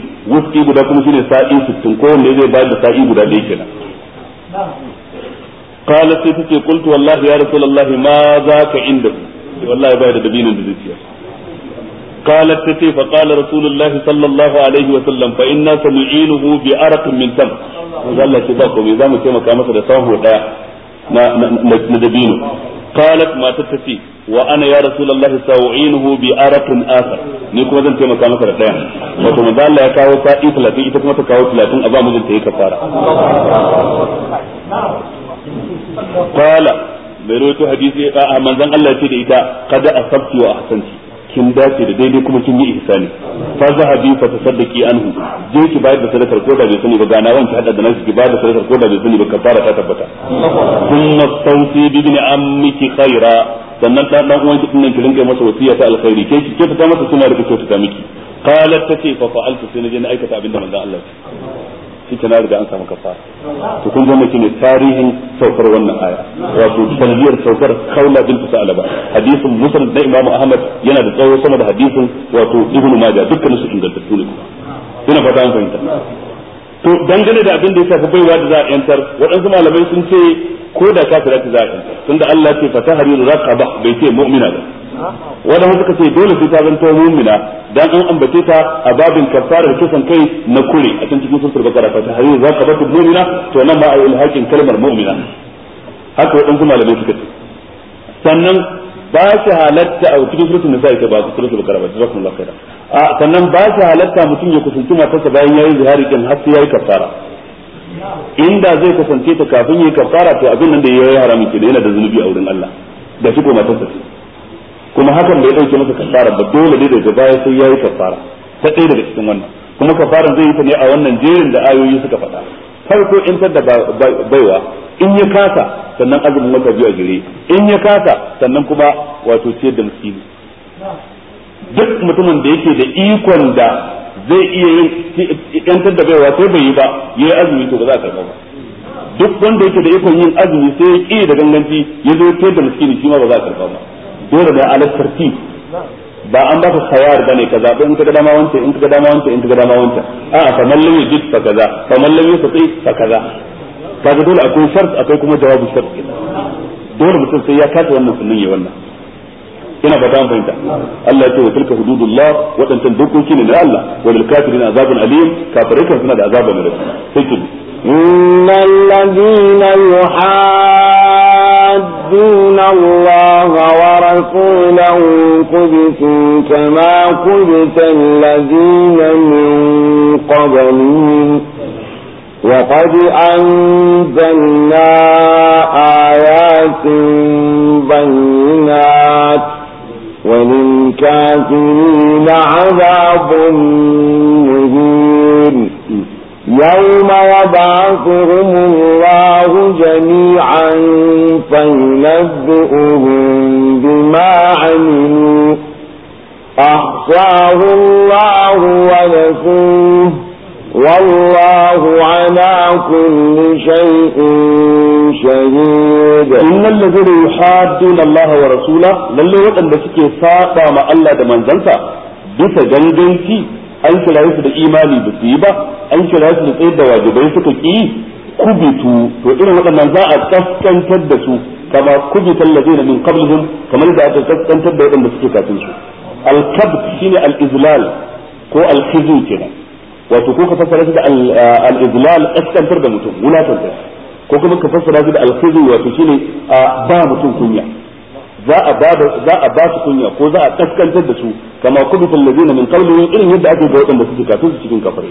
guda kuma shine sa'i ko wanda zai bayar da sa'i guda da yake nan da da قالت تتي فقال رسول الله صلى الله عليه وسلم فإنا سنعينه بأرق من تم وقال لك باكو إذا ما كما كما سرساه ندبينه قالت ما تتتي وأنا يا رسول الله سأعينه بأرق آخر نيكو مزن كما كما سرساه وكما قال لا يكاو سائي ثلاثين إذا كما تكاو ثلاثين أبا مزن تهي كفارة قال بروتو حديثي منزن الله يتدئ إذا قد أصبت وأحسنت kin dace da daidai kuma kin yi ihsani fa zahabi fa tasaddaqi anhu je ki bayar da sadakar ko da bai sani ba gana wanki hada da nasi ki bayar da sadakar ko da bai sani ba kafara ta tabbata kunna tawsi bi ibn ammiki khaira sannan ta dan uwanki din nan ki rinka masa wasiya ta alkhairi ke ki kyautata masa suna da kyautata miki qalat tace fa fa'altu sai na je na aikata abinda manzon Allah ya ita na riga an samu kafara to kun ga mutum ne tarihin saukar wannan aya wato sanadiyar saukar kaula bin sa'alaba hadisin musnad da imamu ahmad yana da tsawo sama da hadisin wato ibnu majah dukkan su ingantattu ne kuma ina fata an fahimta to dangane da abin da ya shafi baiwa da za a yantar waɗansu malamai sun ce ko da kafira ta za a yantar da Allah ce fata hariru raqaba bai ce mu'mina
ba
waɗansu ka ce dole sai ta zanto mu'mina dan an ambace ta a babin kafara da kisan kai na kure a can cikin sutur bakara fata hariru raqabatu mu'mina to nan ba a yi ilhakin kalmar mu'mina haka waɗansu malamai suka ce sannan ba shi halatta a cikin suratul nisa ita ba suratul bakara ba jazakumullahu khairan a sannan ba shi halatta mutum ya kusanci matarsa bayan yayin zihari kin har sai yayi kafara inda zai kusance ta kafin yayi kafara to abin nan da yayi haramun kenan yana da zunubi a wurin Allah da shi ko matarsa ce kuma hakan bai dauke masa kafara ba dole dai daga baya sai yayi kafara ta ɗaya daga cikin wannan kuma kafaran zai yi ta ne a wannan jerin da ayoyi suka faɗa farko in da baiwa in ya kasa sannan azumin wata biyu a jere in ya kasa sannan kuma wato ciyar da miskini duk mutumin da yake da ikon da zai iya yin yantar da baiwa sai bai yi ba ya yi azumi to ba za a karɓa ba duk wanda yake da ikon yin azumi sai ya ƙi da ganganci ya zo ciyar da miskini shi ma ba za a karɓa ba dole da alattar tarti ba an ba ka sayar ba ne ka zaɓi in ka ga dama wancan in ka ga dama wancan in ka ga dama wancan a'a kamar man duk fa kaza kamar man lam yastati fa kaza kaga dole akwai shart akwai kuma jawabu shart dole mutum sai ya kasa wannan sunan ya wannan ina ba an fahimta Allah ya ce wa tilka hududullah wadancan dokoki ne na Allah wa lil kafirin azabun alim kafirai kan suna da azabun da sai ki
innal ladina yuhaddun Allah wa rasulahu kubitu kama kubita alladina min qablihim وقد أنزلنا آيات بينات وللكافرين عذاب مهين يوم يبعثهم الله جميعا فينبئهم بما عملوا أحصاه الله ونسوه والله على كل شيء شهيد إن
الذين يحادون الله ورسوله للي وقت بسك ساقا مع الله دمان زنسا بس جنجنسي أنك لا يسد إيماني بسيبة أنك لا يسد إيدا واجبينسك إيه kubitu to irin waɗannan za a kaskantar da su kama kubitan lazina min qablihim kamar da aka kaskantar da waɗanda suke kafin su al-kabt shine al-izlal ko al-khizu kenan wato ko ka fassara shi da al-izlal askantar da mutum wulakanta ko kuma ka fassara shi da al-khizi wato shine a ba mutum kunya za a ba za a ba su kunya ko za a kaskantar da su kama kubitul ladina min qablihim irin yadda ake ga wadanda suke kafin su cikin kafare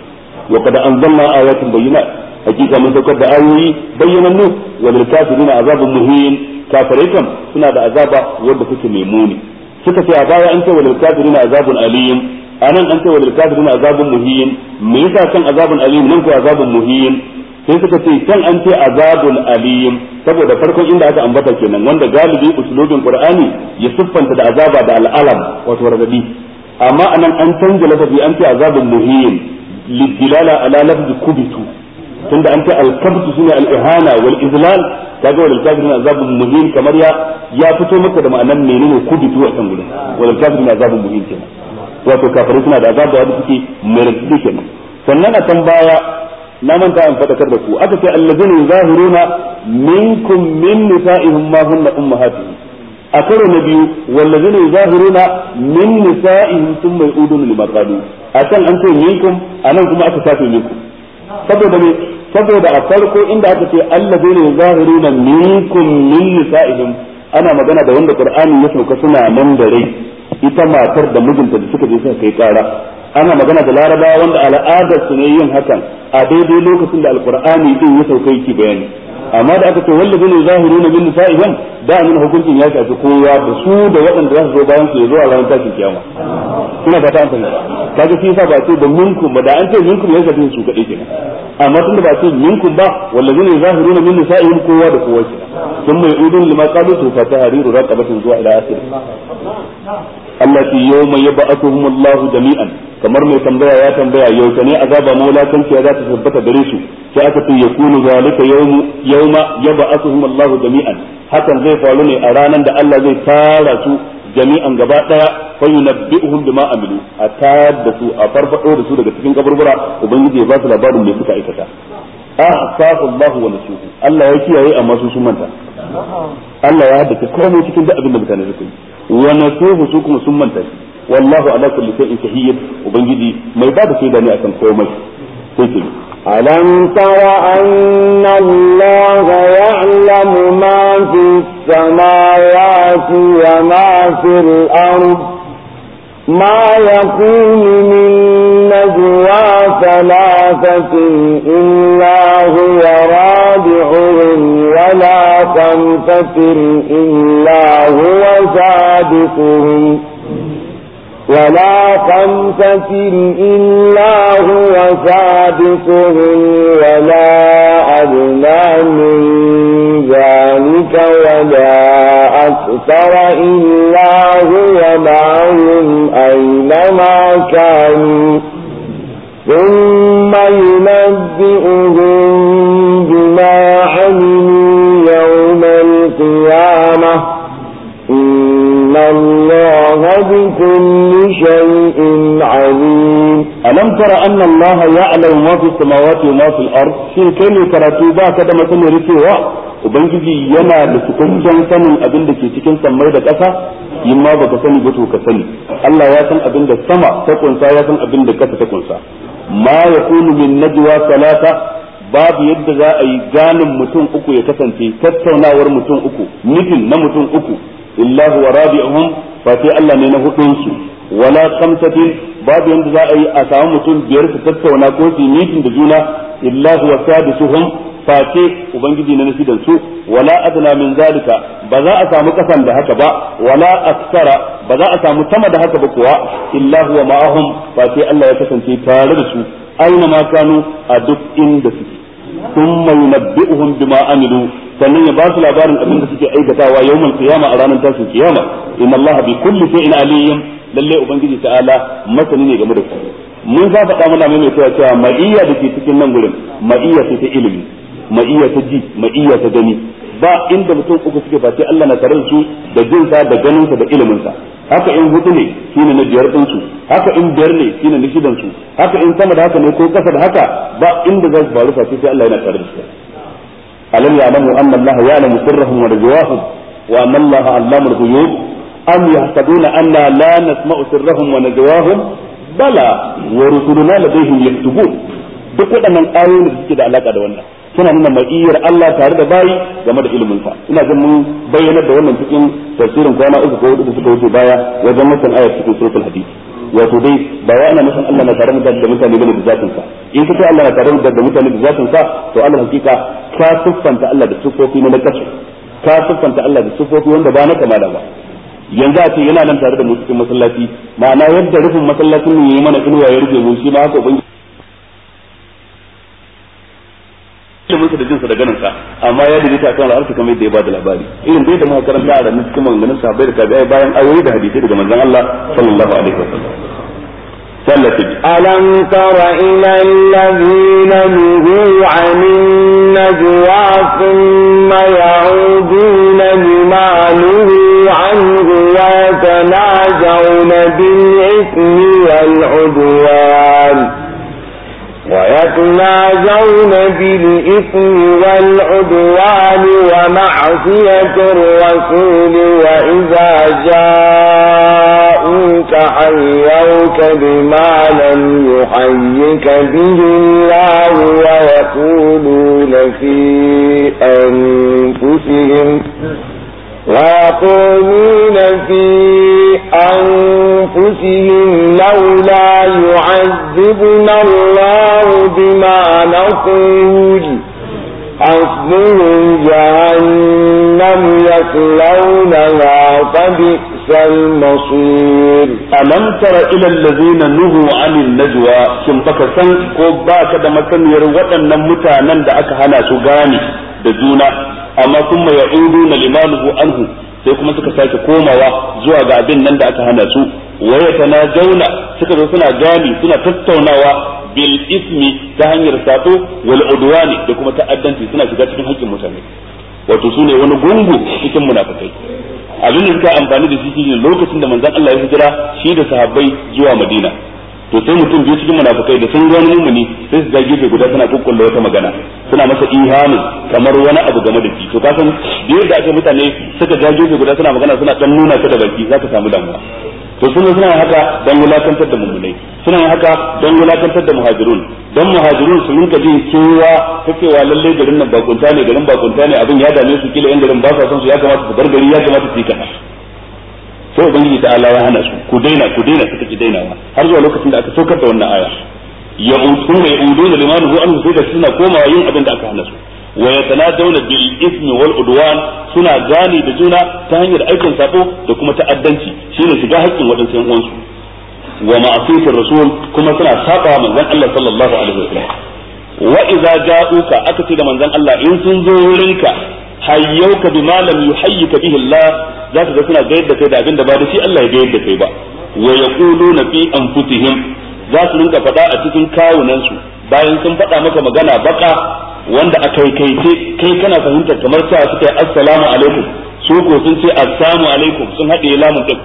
wa kad anzalna ayatin bayyinat hakika mun saukar da ayoyi bayyanannu wa lil kafirina azabun muhin kafare kam suna da azaba wanda suke mai muni suka ce a baya an ce wa lil kafirina azabun alim anan an ce wa lil kafirin me yasa kan azabun alim nan ko azabun muhin sai suka ce kan an ce azabul alim saboda farkon inda aka ambata kenan wanda galibi usulubin qur'ani ya siffanta da azaba da al'alam wato radadi amma anan an canja lafazi an ce azabul muhin lidilala ala lafzi kubitu tunda an ce al-kabtu shine al-ihana wal izlal kaga wal kafirin azabul muhin kamar ya ya fito maka da ma'anan menene kubitu a kan gurin wal kafirin azabul muhin kenan wato kafirai suna da azab da wanda suke mai rantsi kenan sannan a can baya na manta an fadakar da ku aka ce allazina yuzahiruna minkum min nisa'ihim ma hunna ummahatuhum a karo na biyu wallazina yuzahiruna min nisa'ihim thumma yu'uduna lima a akan an ce minkum anan kuma aka sace minkum saboda me saboda a farko inda aka ce allazina yuzahiruna minkum min nisa'ihim ana magana da wanda qur'ani ya sauka suna nan da rai ita matar da mijinta da suka je suka kai kara ana magana da larabawa wanda al'adar su ne yin hakan a daidai lokacin da alkur'ani din ya sauka ki bayani amma da aka ce wallazina yuzahiruna min nisa'ihim da amin hukuncin ya shafi kowa da su da waɗanda za su zo bayan su ya zo a ranar tashin kiyama ina fata an fahimta kaga shi sa ba ce da minkum ba da an ce minkum ya shafi su kadai kenan amma tun da ba ce minkum ba wallazina yuzahiruna min nisa'ihim kowa da kowa kenan thumma yu'idun lima qalu fa tahriru raqabatin zuwa ila asiri. Allah allati yawma yab'athuhum Allahu jami'an kamar mai tambaya ya tambaya yau yaushe ne azaba mulakanci ya za ta tabbata gare su sai aka ce yakunu zalika yawmu yawma yab'athuhum Allahu jami'an hakan zai faru ne a ranar da Allah zai tara su jami'an gaba daya fa yunabbi'uhum bima amilu a tayar da su a farfado da su daga cikin kaburbura ubangiji ya ba su labarin me suka aikata ahsahu Allah wa nasuhu Allah ya kiyaye amma su sun manta Allah ya haddace komai cikin duk abin da mutane suka yi wa nasuhu su kuma sun manta shi wallahu ala kulli shay'in shahid ubangiji mai ba da shaida ne akan komai sai ce alam tara anna allaha ya'lamu ma fi
samawati wa ma fil ardh ما يكون من نجوى ثلاثة إلا هو لم تكن إلا هو سادسهم ولا خمسة إلا هو سادسهم ولا أدنى من ذلك ولا أكثر إلا هو معهم أينما كانوا ثم ينبئهم الله بكل
شيء عليم ألم ترى أن الله يعلم ما في السماوات وما في الأرض شين كان يكراتو كدما دم سنرسوا وبنجي ينا لسكنجا سنن أبن لكي تكن سمي دك أسا يما بك سني بتو كسني الله يسن أبن دك سما تكون سا يسن أبن دك تكون سا ما يكون من نجوى ثلاثة babu yadda za a yi ganin mutum uku ya kasance tattaunawar mutum uku mijin na mutum uku illa huwa rabi'uhum fa Allah ne na huɗunsu su wala khamsatin babu yanda za a yi a samu mutum biyar su tattauna ko su da juna illa huwa sadisuhum fa sai ubangiji na nasidan su wala adna min zalika ba za a samu kasan da haka ba wala aksara ba za a samu sama da haka ba kuwa illa huwa ma'ahum fa Allah ya kasance tare da su aina ma kanu a duk inda suke ثم ينبئهم بما عملوا sannan ya ba su labarin abin da suke aikatawa yawmal kiyama a ranar tashin kiyama inna Allah bi kulli shay'in alim lalle ubangiji ta'ala masani ne game da su mun za faɗa muna mai cewa cewa ma'iyya da ke cikin nan gurin ma'iyya ce ta ilimi ma'iyya ta ji ma'iyya ta gani ba inda mutum uku suke face Allah na tare su da jinsa da ganinsa da iliminsa haka in hudu ne shine na biyar ɗinsu haka in biyar ne shine na shidan su haka in sama da haka ne ko kasa da haka ba inda za su faru face sai Allah yana tare da su alam ya'lamu anna Allah ya'lamu sirrahum wa najwahum wa anna Allah 'allamu al-ghuyub am yahsabuna anna la bala wa duk waɗannan ayoyin da suke da alaka da wannan suna nuna ma'iyyar Allah tare da bayi game da ilimin sa ina ga mun bayyanar da wannan cikin tafsirin kwana uku ko hudu da suka wuce baya wajen wannan ayat cikin suratul hadid wato dai ba wai ana nufin Allah na tare da mutane bane da zatin sa in ka ce Allah na tare da mutane da zatin sa to Allah hakika ka siffanta Allah da sufofi na nakasu ka siffanta Allah da sufofi wanda ba na da ba yanzu a ce yana nan tare da mu cikin masallaci ma'ana yadda rufin masallacin ne mana inuwa ya rufe mu shi ma haka ubangiji iliminsa da jinsa da ganinsa amma ya dalita kan al'arsa kamar yadda ya bada labari irin dai da muka karanta a ranar cikin maganganun sahabbai da tabi'ai bayan ayoyi da hadisi daga manzon Allah sallallahu alaihi wasallam
ألم تر إلى الذين نهوا عن النجوى ثم يعودون لما نهوا عنه ويتناجون بالإثم والعدوان ويتنازون بالإثم والعدوان ومعصية الرسول وإذا جاءوك حيوك بما لم يحيك به الله ويقولون في أنفسهم ويقولون في أنفسهم لولا يعذبنا الله بما نقول حسبهم جهنم يصلونها فبئس المصير ألم تر
إلى الذين نهوا عن النجوى كم تكسن كوبا كدما يروتن وطن نمتا نند أكهنا سجاني دجونا amma yaudu na limanuhu anhu sai kuma suka sake komawa zuwa ga abin nan da aka hana su waya na jauna suka zo suna gani suna tattaunawa bil ismi ta hanyar sato wal udwani da kuma ta'addanci suna shiga cikin haƙƙin mutane wato sune wani gungu cikin munafikai abin da suka amfani da shi ne lokacin da manzon Allah ya hijira shi da sahabbai zuwa Madina to sai mutum biyu cikin munafukai da sun gani mumuni sai su zage bai guda suna kukkulla wata magana suna masa ihani kamar wani abu game da shi to ka san biyu da aka mutane suka zage bai guda suna magana suna dan nuna ka da baki ka samu damuwa to sun suna haka dan wulakantar da mumunai suna haka dan wulakantar da muhajirun dan muhajirun su rinka jin cewa ta cewa lalle garin nan bakunta ne garin bakunta ne abin ya dame su kila yan garin ba sa son su ya kamata su bar gari ya kamata su yi kana sai ubangiji ta Allah ya hana su ku daina ku daina suka ki dainawa har zuwa lokacin da aka saukar da wannan aya ya utuna ya uduna liman hu anhu sai da suna komawa yin abin da aka hana su wa tana dauna ismi wal udwan suna gani da juna ta hanyar aikin sako da kuma ta'addanci shine shiga haƙƙin wadansu yan uwansu wa ma'asiyatir rasul kuma suna saba manzon Allah sallallahu alaihi sallam wa idza ja'uka aka ce da manzon Allah in sun zo wurinka hayyauka bima lam yuhayyika bihi Allah za su ga suna gayar da kai da abin da ba da shi Allah ya gayar da kai ba wa yaquluna fi anfusihim za su rinka faɗa a cikin kawunan su bayan sun faɗa maka magana baka wanda a kai kai kai kana fahimtar kamar sa suka yi assalamu alaikum su ko sun ce assalamu alaikum sun haɗe lamun ɗin.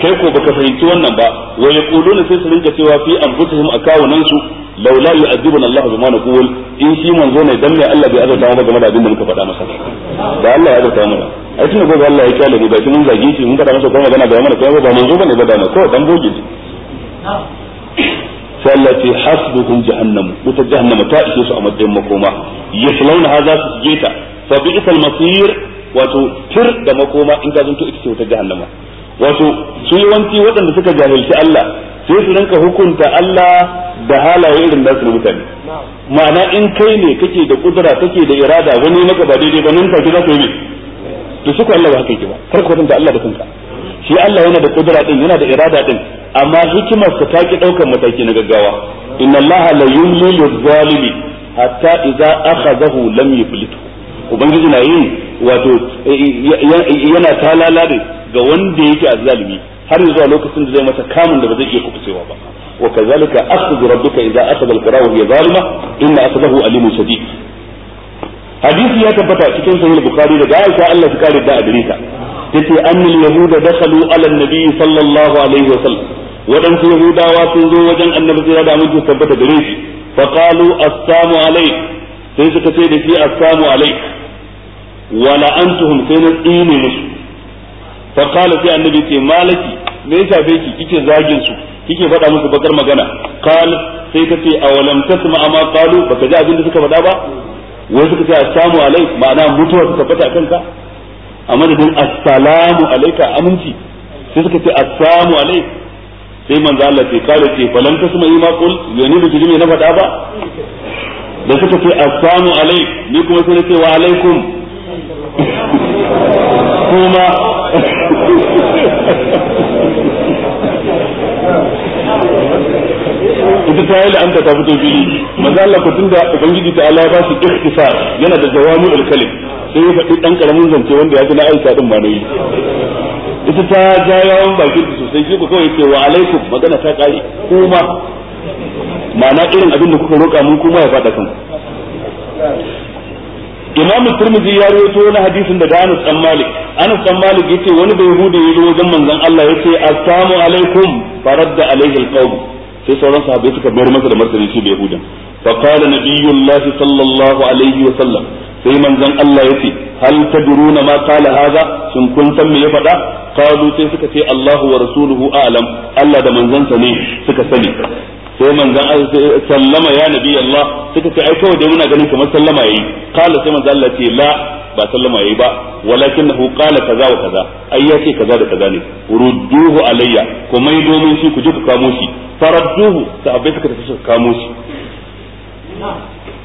kai ko baka fahimci wannan ba wa yaquluna sai su rinka cewa fi anfusihim akawunan su laula yu'adhibuna Allah bima naqul in shi manzo ne dan me Allah bai azabta mu game da abin da muka faɗa masa da Allah ya azabta mu ai tunda gobe Allah ya kyale mu gashi mun zage shi mun fada masa kuma magana da mana kai ba manzo bane ba da mu ko dan boge shi sallati hasbuhum jahannam wuta jahannam ta ishe su a matsayin makoma yaslauna hadha su jeta fa bi'sal masir wato tir da makoma in ka zanto ita ce wuta jahannama wato su yawanci waɗanda suka jahilci Allah sai su rinka hukunta Allah da halaye irin da su mutane ma'ana in kai ne kake da kudura kake da irada wani na gaba daidai ba nan take za ka yi to suka Allah ba haka yake ba kar ka hukunta Allah da kanka shi Allah yana da kudura din yana da irada din amma hikimar ka ta daukar mataki na gaggawa inna Allah la yumli zalimi hatta idza akhadahu lam yuflitu ubangiji na yin wato eh, yana talala da ga wanda yake azzalimi har zuwa lokacin da zai masa kamun da ba zai iya kubucewa ba wa kazalika akhdhu rabbuka idza akhadha al-qura wa hiya zalima inna akhdahu alimun shadid hadisi ya tabbata cikin sahih bukhari daga aisha Allah ta kare da adirita yace annal yahuda dakhalu ala an-nabi sallallahu alaihi wa sallam wadansu yahudawa sun zo wajen annabi sai da mutum tabbata gare shi fa qalu assalamu alayk sai suka ce da shi assalamu alayk wa la'antuhum sai na tsine musu fa qala sai annabi ce malaki me ya shafe ki kike zagin su kike faɗa musu bakar magana qal sai ka ce a awalam tasma ma qalu baka ji abin da suka faɗa ba wai suka ce a assalamu alaik ma'ana mutuwa su tabbata a kanka a madadin assalamu alaika aminci sai suka ce a assalamu alaik sai man manzo Allah ce kare ce falam tasma ma qul yani ba ji me na faɗa ba da suka ce a assalamu alaik ni kuma sai na ce wa alaikum ita ta yi da la'anta ta fito fili manzo Allah ko da ubangiji ta Allah ba shi ikhtisar yana da jawamu al sai ya faɗi ɗan karamin zance wanda ya ji na Aisha din ba yi ita ta ja yawan bakin sosai shi ku kawai ce wa alaikum magana ta ƙari kuma ma'ana irin abin da kuka roƙa mun kuma ya faɗa kanku imam turmizi ya rawaito wani hadisin daga anas dan malik anas dan malik yace wani bai hude ya zo wajen manzon Allah yace assalamu alaikum faradda alaihi alqawm sai sauran sahabbai suka bayar masa da martani shi bai hudan fa qala nabiyullahi sallallahu alaihi wa sallam sai manzon Allah yace hal tadruna ma qala hadha shin kun san me ya faɗa qalu sai suka ce Allahu wa rasuluhu a'lam Allah da manzon sa ne suka sani sai manzon sallama ya nabi Allah suka ce ai kawai dai muna ganin kamar sallama yayi kala sai manzon Allah ce la ba sallama yayi ba walakinahu qala kaza wa kaza ai yace kaza da kaza ne rudduhu alayya ko mai domin shi ku ji ku kamo shi ta abai suka tafi suka kamo shi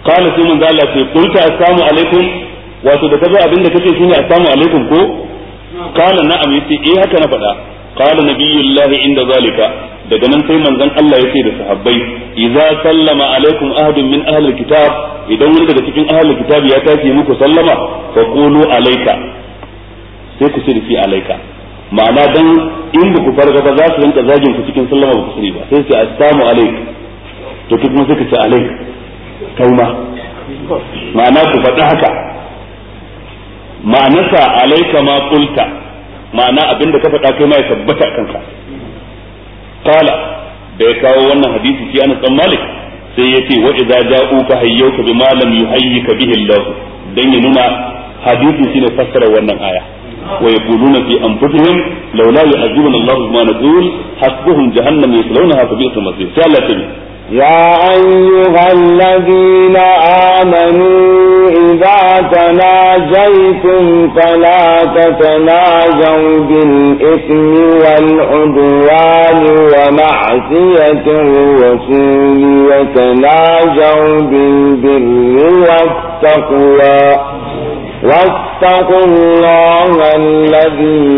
kala sai manzon Allah ce qulta assalamu alaikum wato da kaza abinda kace shine assalamu alaikum ko kala na'am yace eh haka na faɗa qala nabiyullahi inda zalika daga nan sai manzon Allah yake da sahabbai idza sallama alaikum ahadun min ahli kitab idan wani daga cikin ahli kitab ya tashi muku sallama fa qulu alayka sai ku sirfi alayka ma'ana dan in ku farga ba za su rinka zagin ku cikin sallama ba ku sani ba sai su assalamu alayka to kuma suka ce alayka kauma
ma'ana ku faɗi haka
ma'anarsa alaika ma kulta ma'ana abinda ka faɗa kai ma ya tabbata kanka قال da ya kawo wannan hadisi shi Anas dan Malik sai ya yace wa idza ja'u ka hayyuka bi ma lam yuhayyika bihi Allah dan ya nuna hadisi shi ne fassara wannan aya wa yaquluna fi anfusihim laula yu'adhibuna Allah bima nazul hasbuhum jahannam yaslawna fa bi'sa masir sai Allah
ya ayyuhal ladina amanu تنازيتم فلا تتنازوا بالإثم والعدوان ومعصية الرسول وتنازوا بالبر والتقوى واتقوا الله الذي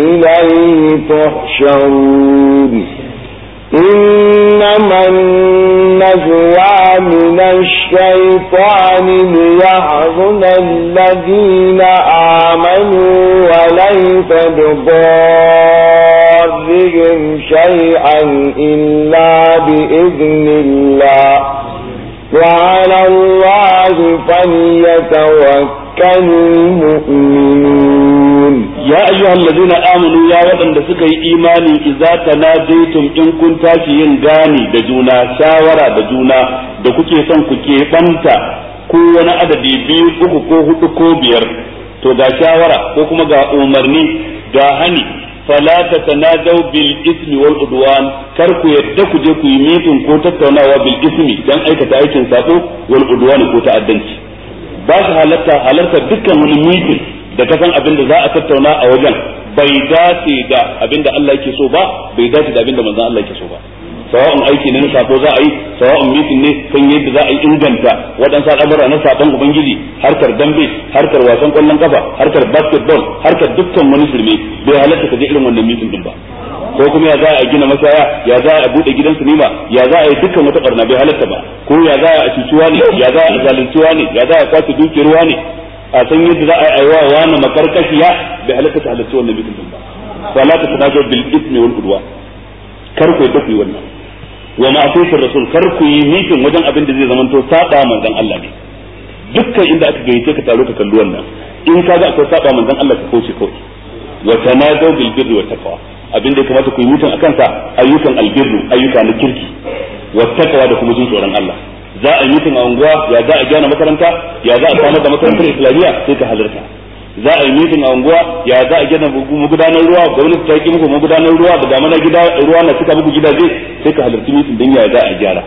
إليه تحشرون إنما النجوى من الشيطان ليحزن الذين آمنوا وليس بضارهم شيئا إلا بإذن الله وعلى الله فليتوكل المؤمنون
ya ayyuhal ladina amanu ya waɗanda suka yi imani na tanadaytum in kun tashi yin gani da juna shawara da juna da kuke son ku keɓanta ko wani adadi biyu uku ko hudu ko biyar to ga shawara ko kuma ga umarni ga hani fala tatanadaw bil ismi wal udwan kar ku yadda ku je ku yi mitin ko tattaunawa bil ismi dan aikata aikin sako wal udwan ko ta'addanci ba su halarta halarta dukkan wani mitin da ka san abin da za a tattauna a wajen bai dace da abin da Allah yake so ba bai dace da abin da manzon Allah yake so ba sawa'un aiki ne na sako za a yi sawa'un mitin ne kan yadda za a yi inganta waɗansu al'amura na sakon ubangiji harkar dambe harkar wasan kwallon kafa harkar basketball harkar dukkan wani shirme bai halatta ka je irin wannan mitin din ba ko kuma ya za a gina masaya ya za a bude gidan sinima ya za a yi dukkan wata barna bai halatta ba ko ya za a ci ne ya za a zalunci ne ya za a kwace dukiyar ne a san yadda za a yi aiwa wa na makarkashiya da halatta ta halatta wannan bikin
ba
wala ta tanazo bil ismi wal udwa kar ku tafi wannan wa ma asisir rasul kar ku yi mikin wajen abin da zai zamanto saba manzon Allah ne dukkan inda aka gayyace ka taro ka kalli wannan in ka ga akwai saba manzon Allah ka kauce kawai wa tanazo bil birri wa taqwa abin da ya kamata ku yi mutum akan sa ayyukan albirru ayyuka na kirki wa taqwa da kuma jin tsoron Allah za a yi mutum a unguwa ya za a gyara makaranta ya za a samar da makarantar islamiyya sai ka halarta za a yi mutum a unguwa ya za a gyara magudanar ruwa gwamnati ta ki muku magudanar ruwa da damana gida ruwa na cika muku gidaje sai ka halarci mutum din ya za a gyara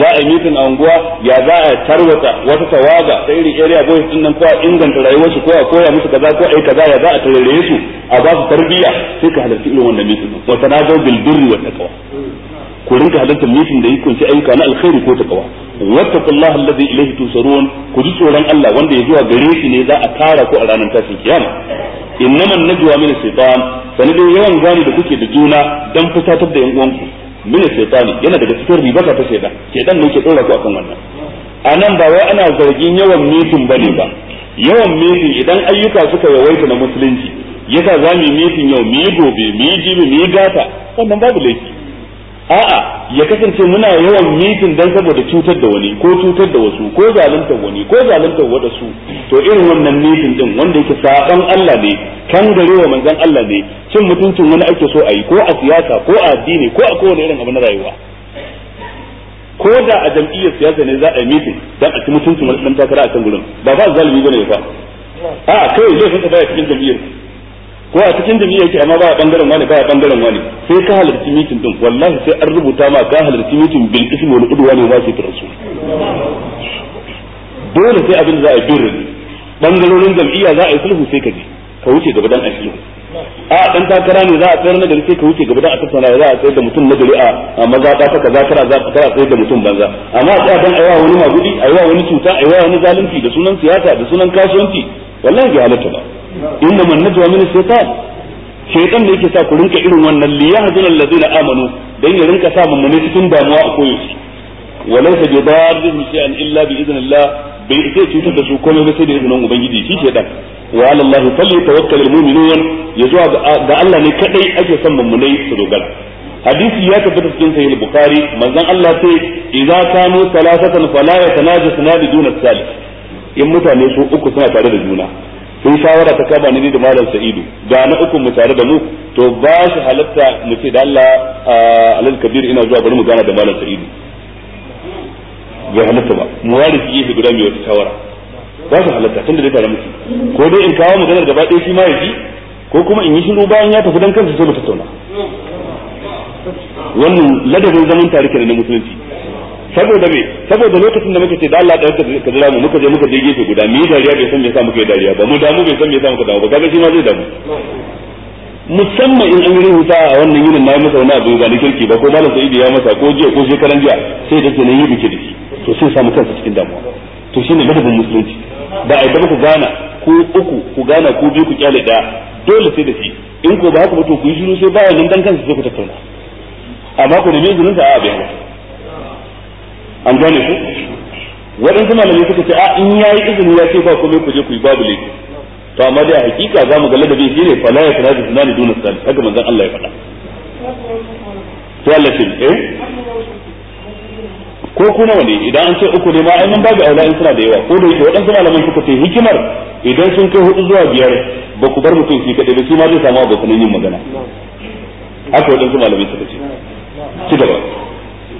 za a yi mutum a unguwa ya za a tarwata wata tawaga ta irin area boys din nan ko a inganta rayuwar su ko a koya musu kaza ko ai kaza ya za a tarare su a ba su tarbiyya sai ka halarci irin wannan mutum wa tanadaw bil birri wa taqwa ku rinka halartar mutum da yi kunshi ayyuka na alkhairi ko taqwa wattaqullaha alladhi ilayhi tusarun ku ji tsoron Allah wanda ya zuwa gare shi ne za a tara ku a ranar tashin kiyama innaman najwa min shaytan sanadin yawan gani da kuke da juna dan fitatar da yan ku. min shaytani yana daga cikin ribata ta shaytan shaytan ne ke tsora ku akan wannan anan ba wai ana zargin yawan mitin ne ba yawan mitin idan ayyuka suka yawaita na musulunci yasa za mu mitin yau mu gobe mu yi jibi mu yi gata wannan babu laifi a'a ya kasance muna yawan mitin dan saboda cutar da wani ko cutar da wasu ko zalunta wani ko zalunta wadansu to irin wannan mitin din wanda yake sabon Allah ne kan gare wa manzon Allah ne cin mutuncin wani ake so a yi ko a siyasa ko a addini ko a kowane irin abu na rayuwa ko da a jam'iyyar siyasa ne za a yi mitin dan a ci mutuncin wani dan takara a kan gurin ba ba zalimi bane ba a'a kai zai fita da cikin jam'iyyar ko a cikin jami'a yake amma ba a bangaren wani ba a bangaren wani sai ka halarci mitin din wallahi sai an rubuta ma ka halarci mitin bil ismi wal udwani wa fi rasul dole sai abin za a rubutu bangarorin jami'a za a yi sulhu sai ka je ka wuce gaba dan ashiru a dan takara ne za a tsayar nagari sai ka wuce gaba dan a tattauna za a tsayar da mutum na gari a maza ta ka za ka za ka kara tsayar da mutum banza amma a tsaya dan aiwa wani magudi aiwa wani cuta aiwa wani zalunci da sunan siyasa da sunan kasuwanci wallahi bai halatta ba inna man najwa min shaytan shaytan da yake sa ku rinka irin wannan li yahzun allazina amanu dan ya rinka sa mummune cikin damuwa a koyaushe walaysa bi darrihim shay'an illa bi idnillah bai ita cutar da su komai ba sai da izinin ubangiji shi shaytan wa ala allah falyatawakkalul mu'minun yazuwa ga Allah ne kadai ake son mummune su dogara hadisi ya tabbata cikin sahih bukhari manzon Allah sai idza kanu salasatan fala yatanajasuna biduna salih in mutane su uku suna tare da juna in shawara ta kama ni da malam sa'idu da na uku mu tare da mu to ba shi halatta mu ce da Allah alal kabir ina zuwa bari mu gana da malam sa'idu bai halatta ba mu ware shi gefe guda mai wata shawara ba shi halatta tunda dai tare musu ko dai in kawo maganar gaba ɗaya shi ma ya ji ko kuma in yi shiru bayan ya tafi dan kansa sai mu tattauna wannan ladabin zaman tare kenan na musulunci saboda me saboda lokacin da muka ce da Allah da ka jira mu muka je muka je gefe guda mi dariya bai san me yasa muka yi dariya ba mu damu bai san me yasa muka damu ba kaga shi ma zai damu musamman in an yi wuta a wannan yinin na masa wani abu ba na kirki ba ko malam sa'idu ya masa ko jiya ko shekaran jiya sai da nan yi biki da shi to sai samu kansa cikin damuwa to shine ladabin musulunci ba a yadda ku gana ko uku ku gana ko biyu ku kyale daya dole sai da shi in ko ba haka ba to ku yi shiru sai ba nan dan kansa sai ku tattauna amma ku nemi izinin sa a abin an gane ku waɗansu malamai suka ce a in ya yi izini ya ce ba komai ku je ku yi babu laifi to amma dai a hakika za mu ga ladabi shi ne fala ya tana da sunani duna sani haka manzon Allah ya faɗa to Allah shi eh ko ku nawa ne idan an ce uku ne ma ai nan babu aula in suna da yawa ko da yake waɗansu malaman suka ce hikimar idan sun kai hudu zuwa biyar ba ku bar mutum shi kaɗai ba shi ma zai samu abokan yin magana haka waɗansu malamai suka ce ci gaba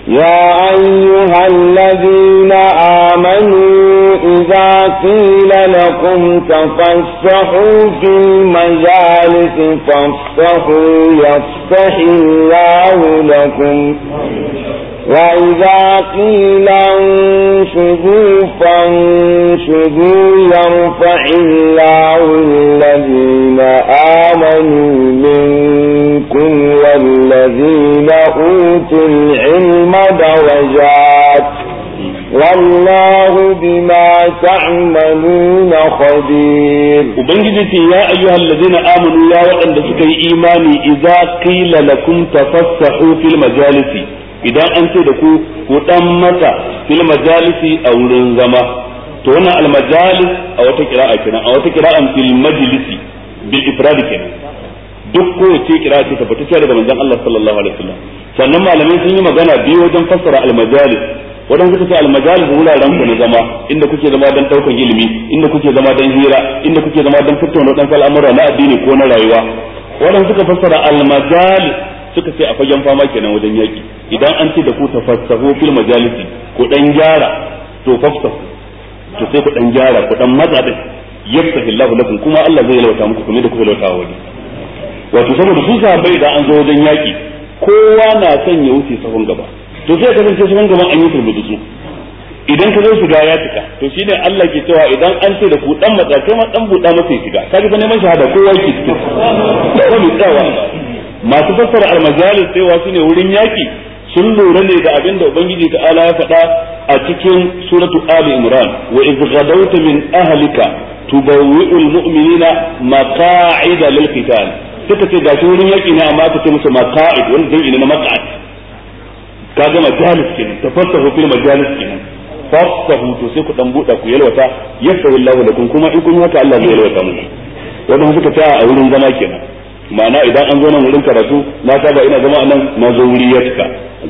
يا أيها الذين آمنوا
إذا قيل لكم تفسحوا في المجالس فافسحوا يفسح الله لكم وإذا قيل انشدوا فانشدوا يرفع الله الذين آمنوا منكم والذين أوتوا العلم درجات والله بما تعملون خبير وبنجدتي يا أيها الذين
آمنوا يا وأن تكي إيماني إذا قيل لكم تفسحوا في المجالس idan an ce da ku ku dan mata fil majalisi a wurin zama to wannan al majalis a wata qira'a kenan a wata qira'an fil majlisi bil ifrad kenan duk ko ce qira'a ce tabbatacciya daga manzon Allah sallallahu alaihi wasallam sannan malamai sun yi magana biyu wajen fassara al majalis wadanda suka ce al majalis wuraren ku na zama inda kuke zama dan daukan ilimi inda kuke zama dan hira inda kuke zama dan tattauna dan al'amura na addini ko na rayuwa wadanda suka fassara al majalis suka ce a fagen fama kenan wajen yaki idan an ce da ku tafassahu fil majalisi ku dan gyara to fafsahu to sai ku dan gyara ku dan matsa din yafsahu Allahu lakum kuma Allah zai lauta muku kuma da ku lauta wani wato saboda su sahabbai idan an zo wajen yaki kowa na son ya wuce sahun gaba to sai ka kasance sahun gaba an yi turbutu idan ka zo shiga ya cika to shine Allah ke cewa idan an ce da ku dan maza kai ma dan buɗa masa ya shiga kaji fa neman shahada kowa yake cikin ko mutawa masu fassara almajalis wasu ne wurin yaki sun lura ne da abin da ubangiji ta'ala ya faɗa a cikin suratu ali imran wa idh ghadawta min ahlika tubawwi'ul mu'minina maqa'ida lil qital suka ce gashi wurin yaki ne amma aka ce musu maqa'id wanda jami'i ne na maq'ad kaga majalis kenan tafassahu fil majalis kenan fasahu to sai ku dan buɗa ku yalwata yasahu Allahu lakum kuma in kun haka Allah zai yalwata muku wannan suka ta a wurin zama kenan ma'ana idan an zo nan wurin karatu na saba ina zama nan na zo wuri ya cika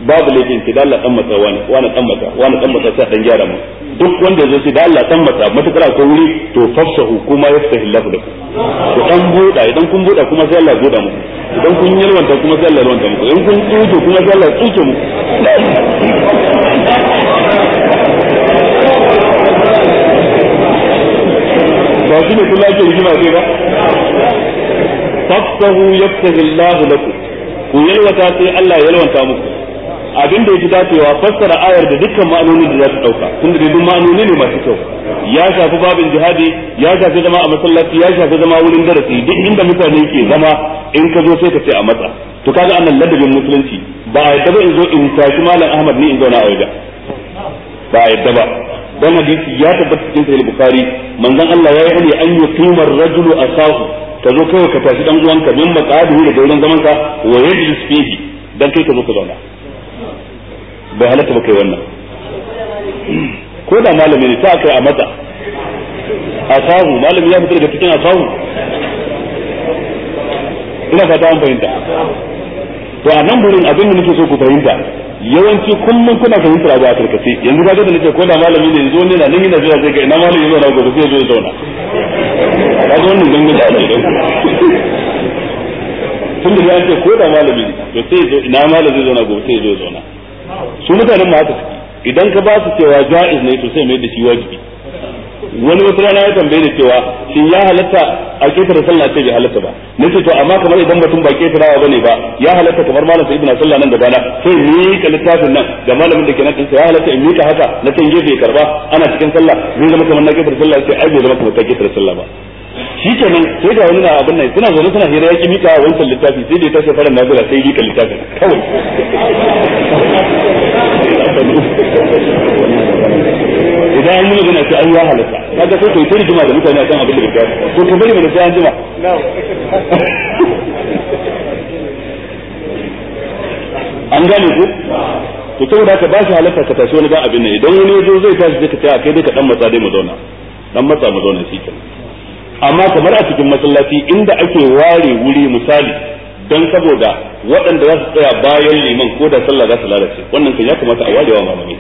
babu laifin ki dalla dan matsa wani wani dan matsa wani dan matsa sai dan gyara mu duk wanda yazo sai dalla dan matsa matakar ko wuri to fasahu kuma yaftahi Allah da ku ku dan buda idan kun buda kuma sai Allah buda muku idan kun yalwanta kuma sai Allah yalwanta muku idan kun tsuke kuma sai Allah tsuke muku ba shi ne kula ke rigima sai ba faftahu yaftahu Allah lakum ku yalwata sai Allah ya yalwanta muku abin da yake dacewa fassara ayar da dukkan ma'anoni da za su dauka tun da dukkan ma'anoni ne masu kyau ya shafi babin jihadi ya shafi zama a masallaci ya shafi zama wurin darasi duk inda mutane ke zama in ka zo sai ka ce a matsa to kaga annan ladabin musulunci ba a yadda ba in zo in tashi malam Ahmad ne in zauna a waje ba a yadda ba dan hadisi ya tabbata cikin sahih bukhari manzon Allah ya yi an yuqima ar-rajulu asahu ka zo kawai ka tashi dan ka min maqadihi da wurin zaman ka wa yajlis fihi dan kai ka zo ka zauna bai halatta ba kai wannan ko da malami ne ta kai a mata asahu malami ya fita daga cikin asahu ina fata an fahimta to a nan burin abin da nake so ku fahimta yawanci kullum kuna fahimtar abu a karkace yanzu ka da nake ko da malami ne yanzu wani na nan yana jira sai ga ina malami yana na gobe sai ya zo zauna ka ga wannan gangan da ake tun da yake ko da malami ne to sai zo ina malami zai zauna gobe sai zo zauna su mutanen ma haka idan ka ba su cewa ja'iz ne to sai mai da shi wajibi wani wata rana ya tambaye da cewa shin ya halatta a ketare sallah ce bai halatta ba nace to amma kamar idan mutum ba ketarawa bane ba ya halatta kamar malam sai ibnu sallah nan da bana sai ni ka littafin nan da malamin da ke nan ya halatta in mika haka na can gefe karba ana cikin sallah zai zama kamar na ketare sallah sai ai bai zama kamar ta ketare sallah ba shi nan sai da wani na abin nan suna zaune suna hira yaki mika wancan littafi sai da ya tashi faran sai sai ka littafin kawai idan an yi sai an yi halatta kaga sai kai tiri jima da mutane akan abin da kai to ka bari mana sai an jima an gane ku to ka ba shi halatta ka tashi wani ba abin nan idan wani yazo zai tashi zai ka tsaya kai dai ka dan matsa dai mu zauna dan matsa mu zauna shi amma kamar a cikin masallaci inda ake ware wuri misali dan saboda waɗanda za su tsaya bayan liman ko da sallah za su lalace wannan kan ya kamata a warewa malamai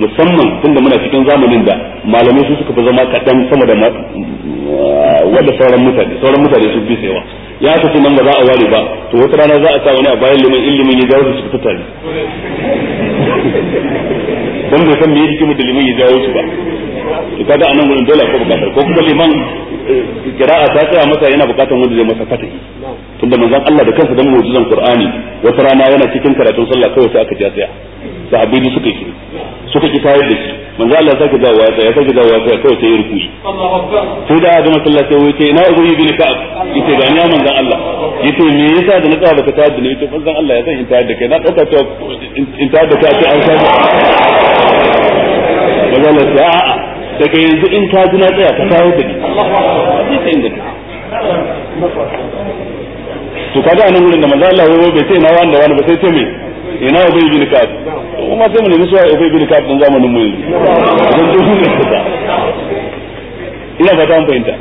musamman tunda muna cikin zamanin da malamai su suka fi zama kaɗan sama da eh, wanda sauran mutane sauran mutane su fi sayawa ya ta ce nan ba za a ware ba to wata rana za a sa wani a bayan liman liman ya jawo su fita tare don bai san me yake mutum liman ya jawo su ba to kaga anan gurin dole ko ba ko kuma liman kira'a ta tsaya masa yana bukatan wanda zai masa fatahi tunda manzon Allah da kansa dan mu'jizan Qur'ani wata rana yana cikin karatun sallah kawai sai aka ja tsaya sahabbai ne suka yi suka ki tayar da shi manzon Allah sake dawo ya tsaya sake dawo ya tsaya kawai sai ya rukuyi
sai
da ga masallaci sai yace na ubi bin ka'ab yace ga ni manzon Allah yace me yasa da na tsaya baka tayar da ni yace manzon Allah ya san in tayar da kai na dauka ta in tayar da kai an sake manzon Allah ya a'a daga yanzu in ka ji na tsaya ka kawo da ni sai inda to kaga anan gurin da manzo Allah wai bai sai na wanda wani ba sai ce me ina ubay bin kab kuma sai mu nemi suwa bai bin kaɗi don zamanin mu yanzu dan duhu ne ta ina fata mun fahimta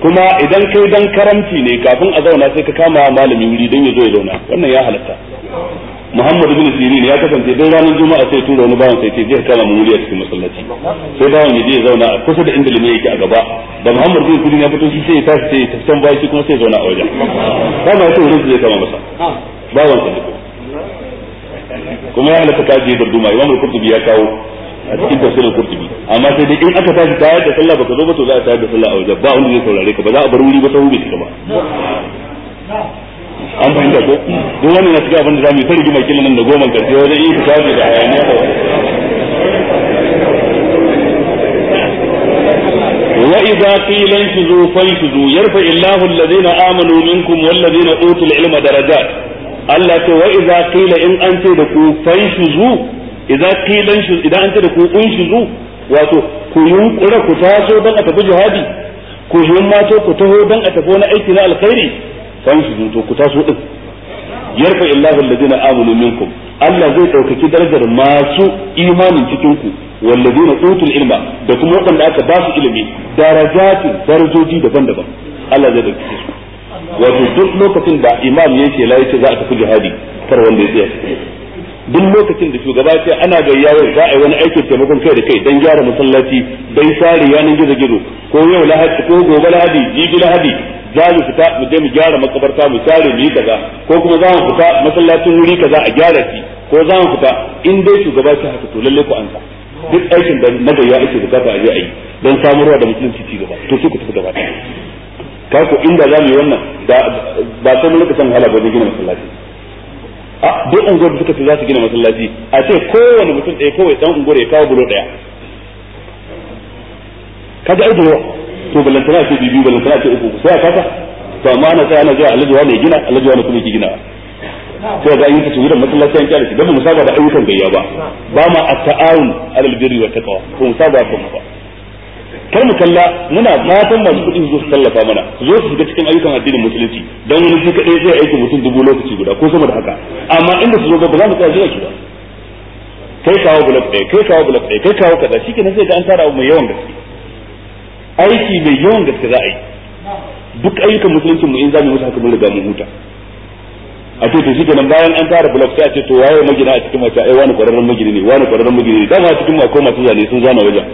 kuma idan kai dan karamci ne kafin a zauna sai ka kama malami wuri don ya zo ya zauna wannan ya halatta Muhammad bin Sirin ya kasance duk ranar Juma'a sai tura wani bawan sai ce zai kama mu muliya cikin masallaci sai bawan ya je zauna a kusa da inda limi yake a gaba da Muhammad bin Sirin ya fito shi sai ya tashi sai ya tafsan bayan sai zauna a wajen dama bawan sa
kuma ya
duma ya a cikin tafsirin Qurtubi amma sai dai in aka tashi tayar da sallah baka zo ba to za a tayar da sallah a wajen ba wanda zai saurare ka ba za a bar wuri ba ta hube ka ba an fahimta ko duk wannan na cikin abin da zamu yi ta rigima kila nan da goma karshe wajen yi tafi da hayaniya ko وإذا قيل انفذوا فانفذوا يرفع الله الذين آمنوا منكم والذين utul ilma درجات Allah ce wa'iza idza in an ce da ku fanshuzu idza qila idan an ce da ku unshuzu wato ku yunkura ku taso dan a tafi jihadi ku himmato ku taho dan a tafi wani aiki na alkhairi fansu to ku taso din yarfa illahu alladhina amanu minkum Allah zai ɗaukaki darajar masu imanin cikin ku walladhina utul ilma da kuma wanda aka ba su ilimi darajatin darajoji daban-daban Allah zai ɗaukaki su wato duk lokacin da imam yake ce la yace za a tafi jihadi kar wanda duk lokacin da shugaba ce ana gayyawar za a yi wani aikin taimakon kai da kai dan gyara masallaci dan sare yanan gizo-gizo ko yau lahadi ko gobe lahadi jibi lahadi za mu fita mu je mu gyara makabarta mu share mu yi kaza ko kuma za mu fita masallacin wuri kaza a gyara shi ko za mu fita in dai shugaba shi haka to lalle ku ansa duk aikin da na gayya ake bukata a je ayi yi don samarwa da musulunci ci gaba to su ku tafi gaba ka ku inda za mu yi wannan ba sai mun lokacin hala ba gina masallaci a duk unguwar da suka ce za su gina masallaci a ce kowane mutum ɗaya kawai dan unguwar ya kawo bulo ɗaya kaga ai yawa to balantana ce bibi balantana ce uku sai a kasa to amma ana sai ana ga alajuwa wani gina alajuwa wani kuma yake gina sai ga ayyuka su wurin masallaci an kyale shi dan mu saba da ayyukan gayya ba ba ma at-ta'awun alal birri wa taqwa ko mu saba ko ba kar mu kalla muna fatan masu kuɗi su su tallafa mana su zo su shiga cikin ayyukan addinin musulunci dan wani shi kadai zai aiki mutum dubu lokaci guda ko sama da haka amma inda su zo ba za mu tsaya jira shi ba kai kawo bulak ɗaya kai kawo bulak ɗaya kai kawo kaza nan sai ga an tara abu mai yawan gaske aiki mai yawan gaske za a yi duk ayyukan musulunci mu in za mu musu haka mun riga mun huta a ce to shi kenan bayan an fara blog sai a ce to waye magina a cikin mace ai wani kwararren magini ne wani kwararren magini ne dama a cikin mako masu zane sun zana wajen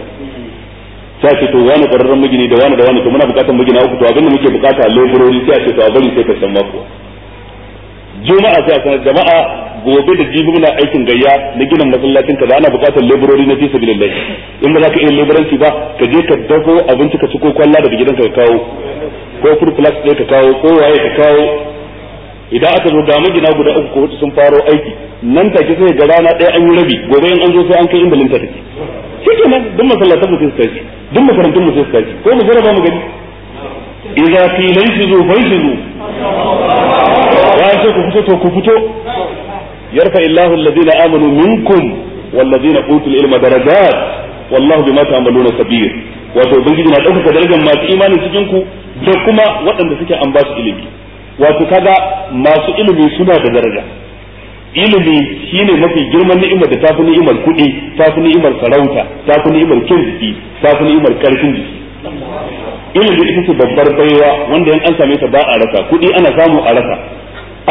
sai a ce to wani kwararren magini da wani da wani to muna bukatar magina uku to abinda muke bukata leburori sai a ce to a bari sai ka san makuwa juma'a sai a sanar jama'a gobe da jibi muna aikin gayya na gina masallacin da ana buƙatar laborori na fi sabilillah in ba za ka iya laboranci ba ka je ka dago abinci ka ci ko kwalla daga gidanka ka kawo ko furfulas ɗaya ka kawo ko waye ka kawo idan aka zo ga magina guda uku ko sun faro aiki nan take sai ga rana ɗaya an yi rabi gobe in an zo sai an kai inda linta take shi ke nan duk masallatan mu sai su tashi duk makarantun mu sai su tashi ko mu jarraba mu gani
idza qilan
shizu fayshizu ce ku fito to ku fito yarfa illahu alladhina amanu minkum walladhina utul ilma darajat wallahu bima ta'maluna kabir wato ubangiji na ɗaukaka darajar masu imanin cikin ku da kuma waɗanda suke an ba su ilimi wato kaga masu ilimi suna da daraja ilimi shine mafi girman ni'imar da tafi ni'imar kuɗi tafi ni'imar sarauta tafi ni'imar kin jiki tafi ni'imar karfin jiki ilimi ita ce babbar baiwa wanda yan an same ta ba a rasa kuɗi ana samu a rasa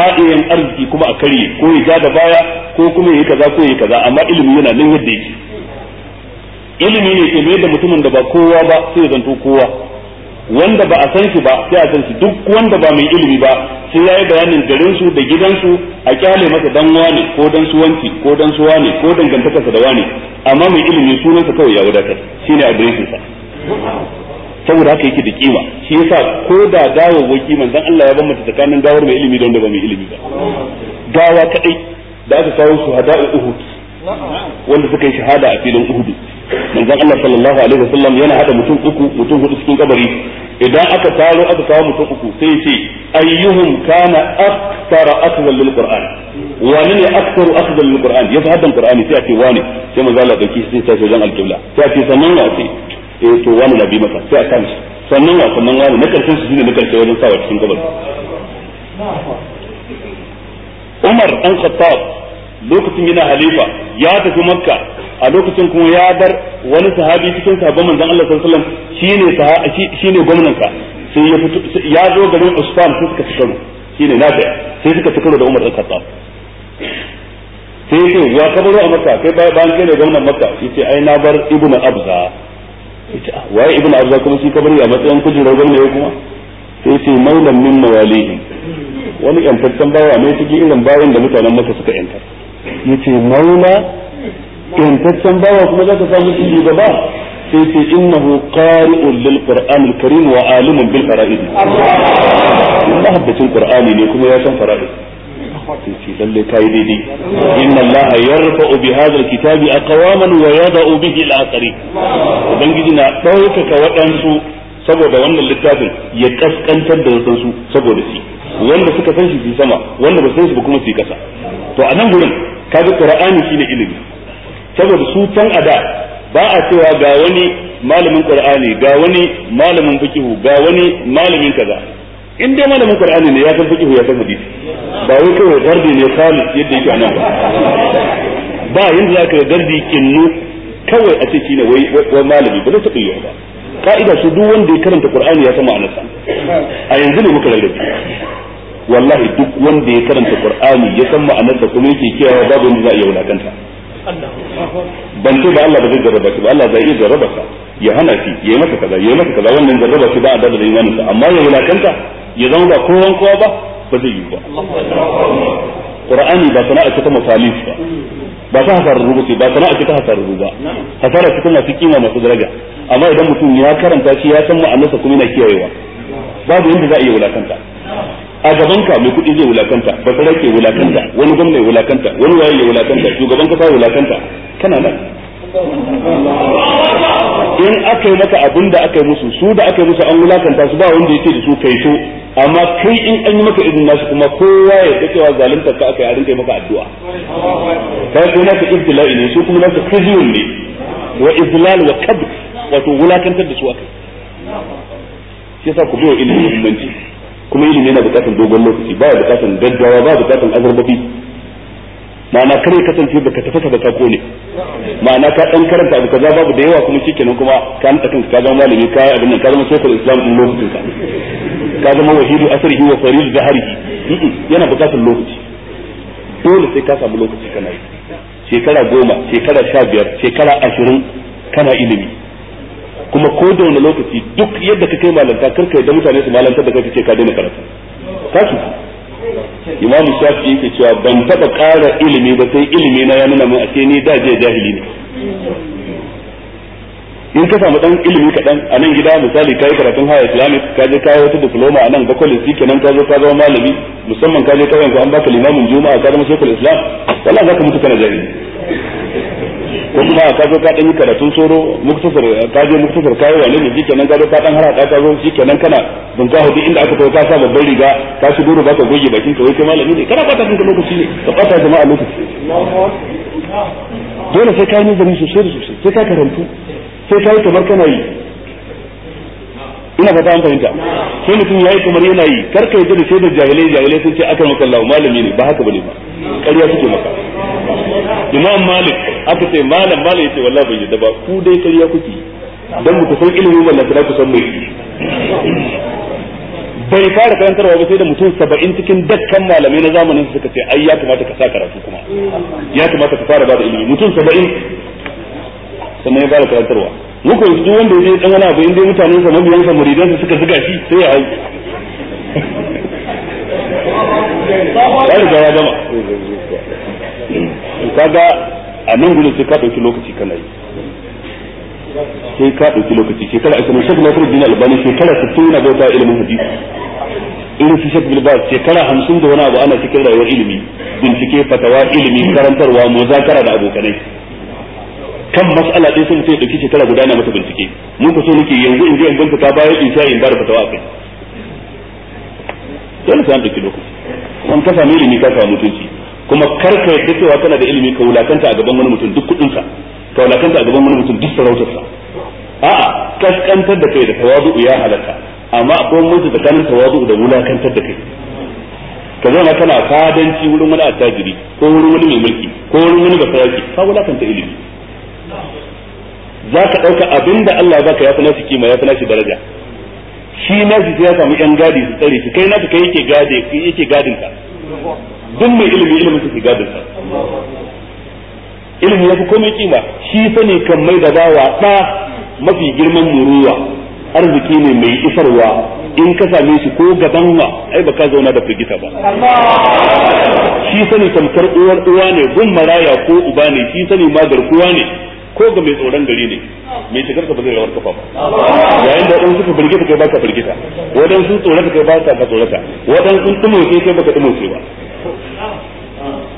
a arziki kuma a karye ko ya ja da baya ko kuma ya kaza ko ya kaza amma ilimi yana nan yadda yake ilimi ne ke mai da mutumin da ba kowa ba sai ya zanto kowa wanda ba a san shi ba sai a san shi duk wanda ba mai ilimi ba sai ya yi bayanin garin su da gidan su a kyale masa dan wane ko dan suwanci ko dan ko dangantakarsa da wane amma mai ilimi sunansa kawai ya wadatar shine sa saboda haka yake da kima shi yasa ko da gawawwaki manzon Allah ya bambanta tsakanin gawar mai ilimi da wanda ba mai ilimi ba gawa kadai da aka kawo su hada'u uhud wanda suka yi shahada a filin uhud manzon Allah sallallahu alaihi wasallam yana hada mutum uku mutum hudu cikin kabari idan aka taro aka kawo mutum uku sai ce ayyuhum kana aktsara akhdhan lil qur'an wani ne aktsaru akhdhan lil qur'an ya fi haddan qur'ani sai a ce wani sai manzon Allah dauki sai ta wajen alqibla sai a ce sannan wa ce eh to wani labi masa sai a kan shi sannan wa sannan wani na karshen su shine na karshe wajen sawa cikin gabar Umar dan Khattab lokacin gina halifa ya tafi Makka a lokacin kuma ya bar wani sahabi cikin sahabban manzon Allah sallallahu alaihi wasallam shine sahabi shine gwamnan ka sai ya fito ya zo garin Usman sai suka tsaro shine Nafi sai suka tsaro da Umar dan Khattab sai ya ce ya kabaro a Makka kai bayan kai ne gwamnan Makka yace ai na bar Ibnu Abza ita waye ibnu arza kuma shi kabari a matsayin kujerar gwamna ya kuma sai ce maulan min mawalihim wani yantaccen bawa ne cikin irin bayan da mutanen maka suka yanta yace maula yantaccen bawa kuma zaka samu shi gaba sai ce innahu qari'un lil qur'an al karim wa alimun bil fara'id Allah habbacin qur'ani ne kuma ya san fara'id sai ce lalle daidai inna allaha yarfa'u bi hadha kitabi aqwaman wa yada'u bihi al-akhari ubangiji na ɗaukaka waɗansu saboda wannan littafin ya kaskantar da wasansu saboda shi wanda suka san shi su sama wanda ba san shi ba kuma su kasa to a nan gurin kaga qur'ani shine ilimi saboda su can ada ba a cewa ga wani malamin qur'ani ga wani malamin fiqh ga wani malamin kaza in dai malamin qur'ani ne ya san fiqh ya san hadisi ba wai kawai gardi ne khalis yadda yake anan ba yanda zaka ga gardi kinnu kawai a ce shi wai wai malami ba zai taɓa yi ba ka'ida su duk wanda ya karanta qur'ani ya san ma'anarsa a yanzu ne muka rarrabe wallahi duk wanda ya karanta qur'ani ya san ma'anarsa kuma yake kiyaye babu wanda za a iya wulakanta ban ce ba Allah ba zai jarraba ba Allah zai iya jarraba ka ya hana shi ya yi maka kaza ya yi maka kaza wannan jarraba shi ba a dada da imaninsa amma ya wulakanta ya zama ba kowan kowa ba ba zai yi ba qur'ani ba sana'a ce ta mafalif ba ba ta hasarar ruba ce ba sana'a ce ta hasarar ba. hasara ce ta masu masu daraja amma idan mutum ya karanta shi ya san ma'anarsa kuma yana kiyayewa babu yadda za a iya wulakanta a gaban mai kuɗi zai wulakanta ba sarai ke wulakanta wani gwamna ya wulakanta wani waye ya wulakanta shugaban kasa ya wulakanta kana nan
in
aka yi maka abin da aka yi musu su da aka yi musu an wulakanta su ba wanda yake da su kai to amma kai in an yi maka irin nasu kuma kowa ya da cewa zalunta ka aka yi a rinka maka addu'a kai ko ka ibtila'i ne su kuma ka khizyun ne wa izlal wa kabr wato wulakantar da su aka shi yasa ku biyo ilimi muhimmanci kuma ilimi yana bukatar dogon lokaci ba ya bukatar gaggawa ba bukatar azarbafi ma'ana kare kasance baka tafasa ka ka kone ma'ana ka dan karanta abu kaza babu da yawa kuma shikenan kuma ka nada kanka ka zama malami ka yi abin nan ka zama sokul islam din lokacin ka ka zama wahidu asrihi wa farid zahrihi yana bukatar lokaci dole sai ka samu lokaci kana yi shekara goma shekara sha biyar shekara ashirin kana ilimi kuma ko da wani lokaci duk yadda ka kai malanta karka yadda mutane su malanta da kai ce ka daina karatu ka imam shafi yake cewa ban taba kara ilimi ba sai ilimi na ya nuna min ake ni da je jahili ne in ka samu dan ilimi kaɗan a nan gida misali ka karatun haya islamic ka je kawo wata diploma a nan bakwai shi kenan ka zo ka zama malami musamman ka je ka yanzu an baka limamin juma'a ka zama shekul islam wallahi za ka mutu kana jahili ko kuma ka zo ka dan yi soro muktasar ka je muktasar kai wa ne jike nan zo ka dan harada ka zo shikenan kana ka hudu inda aka tawo ka sa babban riga ka shigo ba ka goge bakin ka wai kai malami ne kana kwata kanka lokaci ne ka kwata jama'a lokaci dole sai ka yi nazari sosai da sosai sai ka karantu sai ka yi kamar kana yi
ina fata an fahimta sai mutum
yayi kamar yana yi karka yadda da sai da jahilai jahilai sun ce aka maka Allah malami ne ba haka bane ba ƙarya suke maka imam malik aka ce malam malam yace wallahi bai yadda ba ku dai kariya kuke dan mu san ilimi wallahi kada ku san mai bai fara karantarwa ba sai da mutum saba'in cikin dakkan malamai na zamanin suka ce ai ya kamata ka sa karatu kuma ya kamata ka fara bada ilimi mutum saba'in sannan ya fara karantarwa muku yanzu duk wanda ya dan wani abu inda mutanen sa mabiyan sa muridan sa suka zuga shi sai ya hau
ya riga ya gama
kaga a nan gudun sai ka ɗauki lokaci kana yi sai ka ɗauki lokaci shekara ashirin shekara na kurjin albani shekara sittin yana bauta ilimin hadisi irin su shekara bilba shekara hamsin da wani abu ana cikin rayuwar ilimi bincike fatawa ilimi karantarwa muzakara da abokanai kan mas'ala ɗin sun sai ɗauki shekara guda na mata bincike mun ka so nake yanzu in je in bincika bayan in sha in ba da fatawa akai dole sai an ɗauki lokaci kuma ka samu ilimi ka samu mutunci kuma karka yadda cewa tana da ilimi ka wulakanta a gaban wani mutum duk kudinsa, ka wulakanta a gaban wani mutum duk sarautarsa. a'a kaskantar da kai da tawazu'u ya halaka amma akwai mutu tsakanin tawazu'u da wulakantar da kai ka zama kana fadanci wurin wani attajiri ko wurin wani mai mulki ko wurin wani basaraki ka wulakanta ilimi za ka ɗauka abin da Allah za ka yafi nasu kima yafi nasu daraja shi nasu ya samu yan gadi su tsare shi kai nasu kai yake gadi yake ka duk mai ilimi ilimi take gadin sa ilimi ya fi komai kima shi sani kan mai da bawa da mafi girman muruwa arziki ne mai isarwa in ka same shi ko gaban wa ai baka zauna da firgita ba shi sani tamkar uwar uwa ne gun maraya ko uba ne shi sani ma garkuwa ne ko ga mai tsoron gari ne mai shigar ka ba zai rawar kafa ba yayin da wadansu suka firgita kai baka firgita wadansu tsorata kai baka ka tsorata wadansu tumo kai baka tumo ba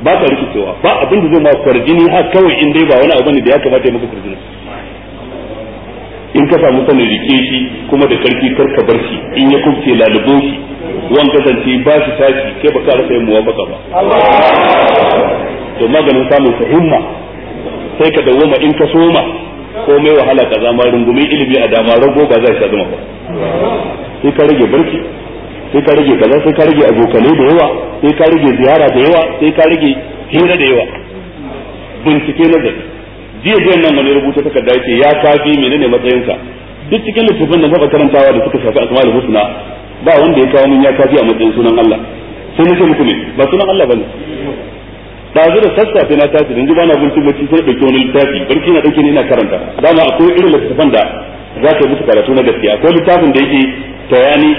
ba ka rikicewa ba abin da zai ma farjini har kawai in dai ba wani abu ne da ya kamata ya maka farjini in ka samu sanin rike shi kuma da karfi kar ka bar shi in ya kuke lalubo shi wan kasance ba shi tashi kai ba ka rasa yin muwafaka ba to maganin samun fahimma sai ka dawoma in ka soma ko mai wahala ka zama rungumi ilimi a dama rago ba zai sa zama ba sai ka rage barki. sai ka rage kaza sai ka rage abokanai da yawa sai ka rage ziyara da yawa sai ka rage hira da yawa bincike na zai jiya jiya nan wani rubuta kadda yake ya kafi menene matsayinka duk cikin littafin da muka karantawa da suka shafi asma'ul husna ba wanda ya kawo mun ya kafi a matsayin sunan Allah sai nake muku ne ba sunan Allah bane ba da sassafe na tafi dan ji bana gunci bacci sai dauke wani littafi barci na dauke ne ina karanta dama akwai irin littafin da za ka yi musu karatu na gaskiya akwai littafin da yake bayani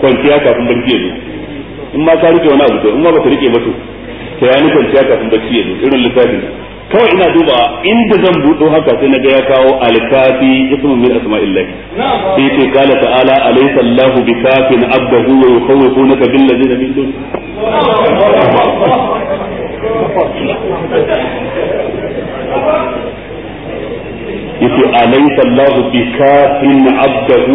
kwanciya kafin barci ya zo in ma ka rike wani abu to in ma baka rike ba to to ya ni kwanciya kafin barci ya zo irin lissafi kawai ina duba inda zan buɗo haka sai na ga ya kawo alkafi ismu min asma'illah sai ce kala ta'ala alaysa allah bikafin abdahu wa yukhawwifunaka bil ladina min dun yace alaysa allah bikafin abdahu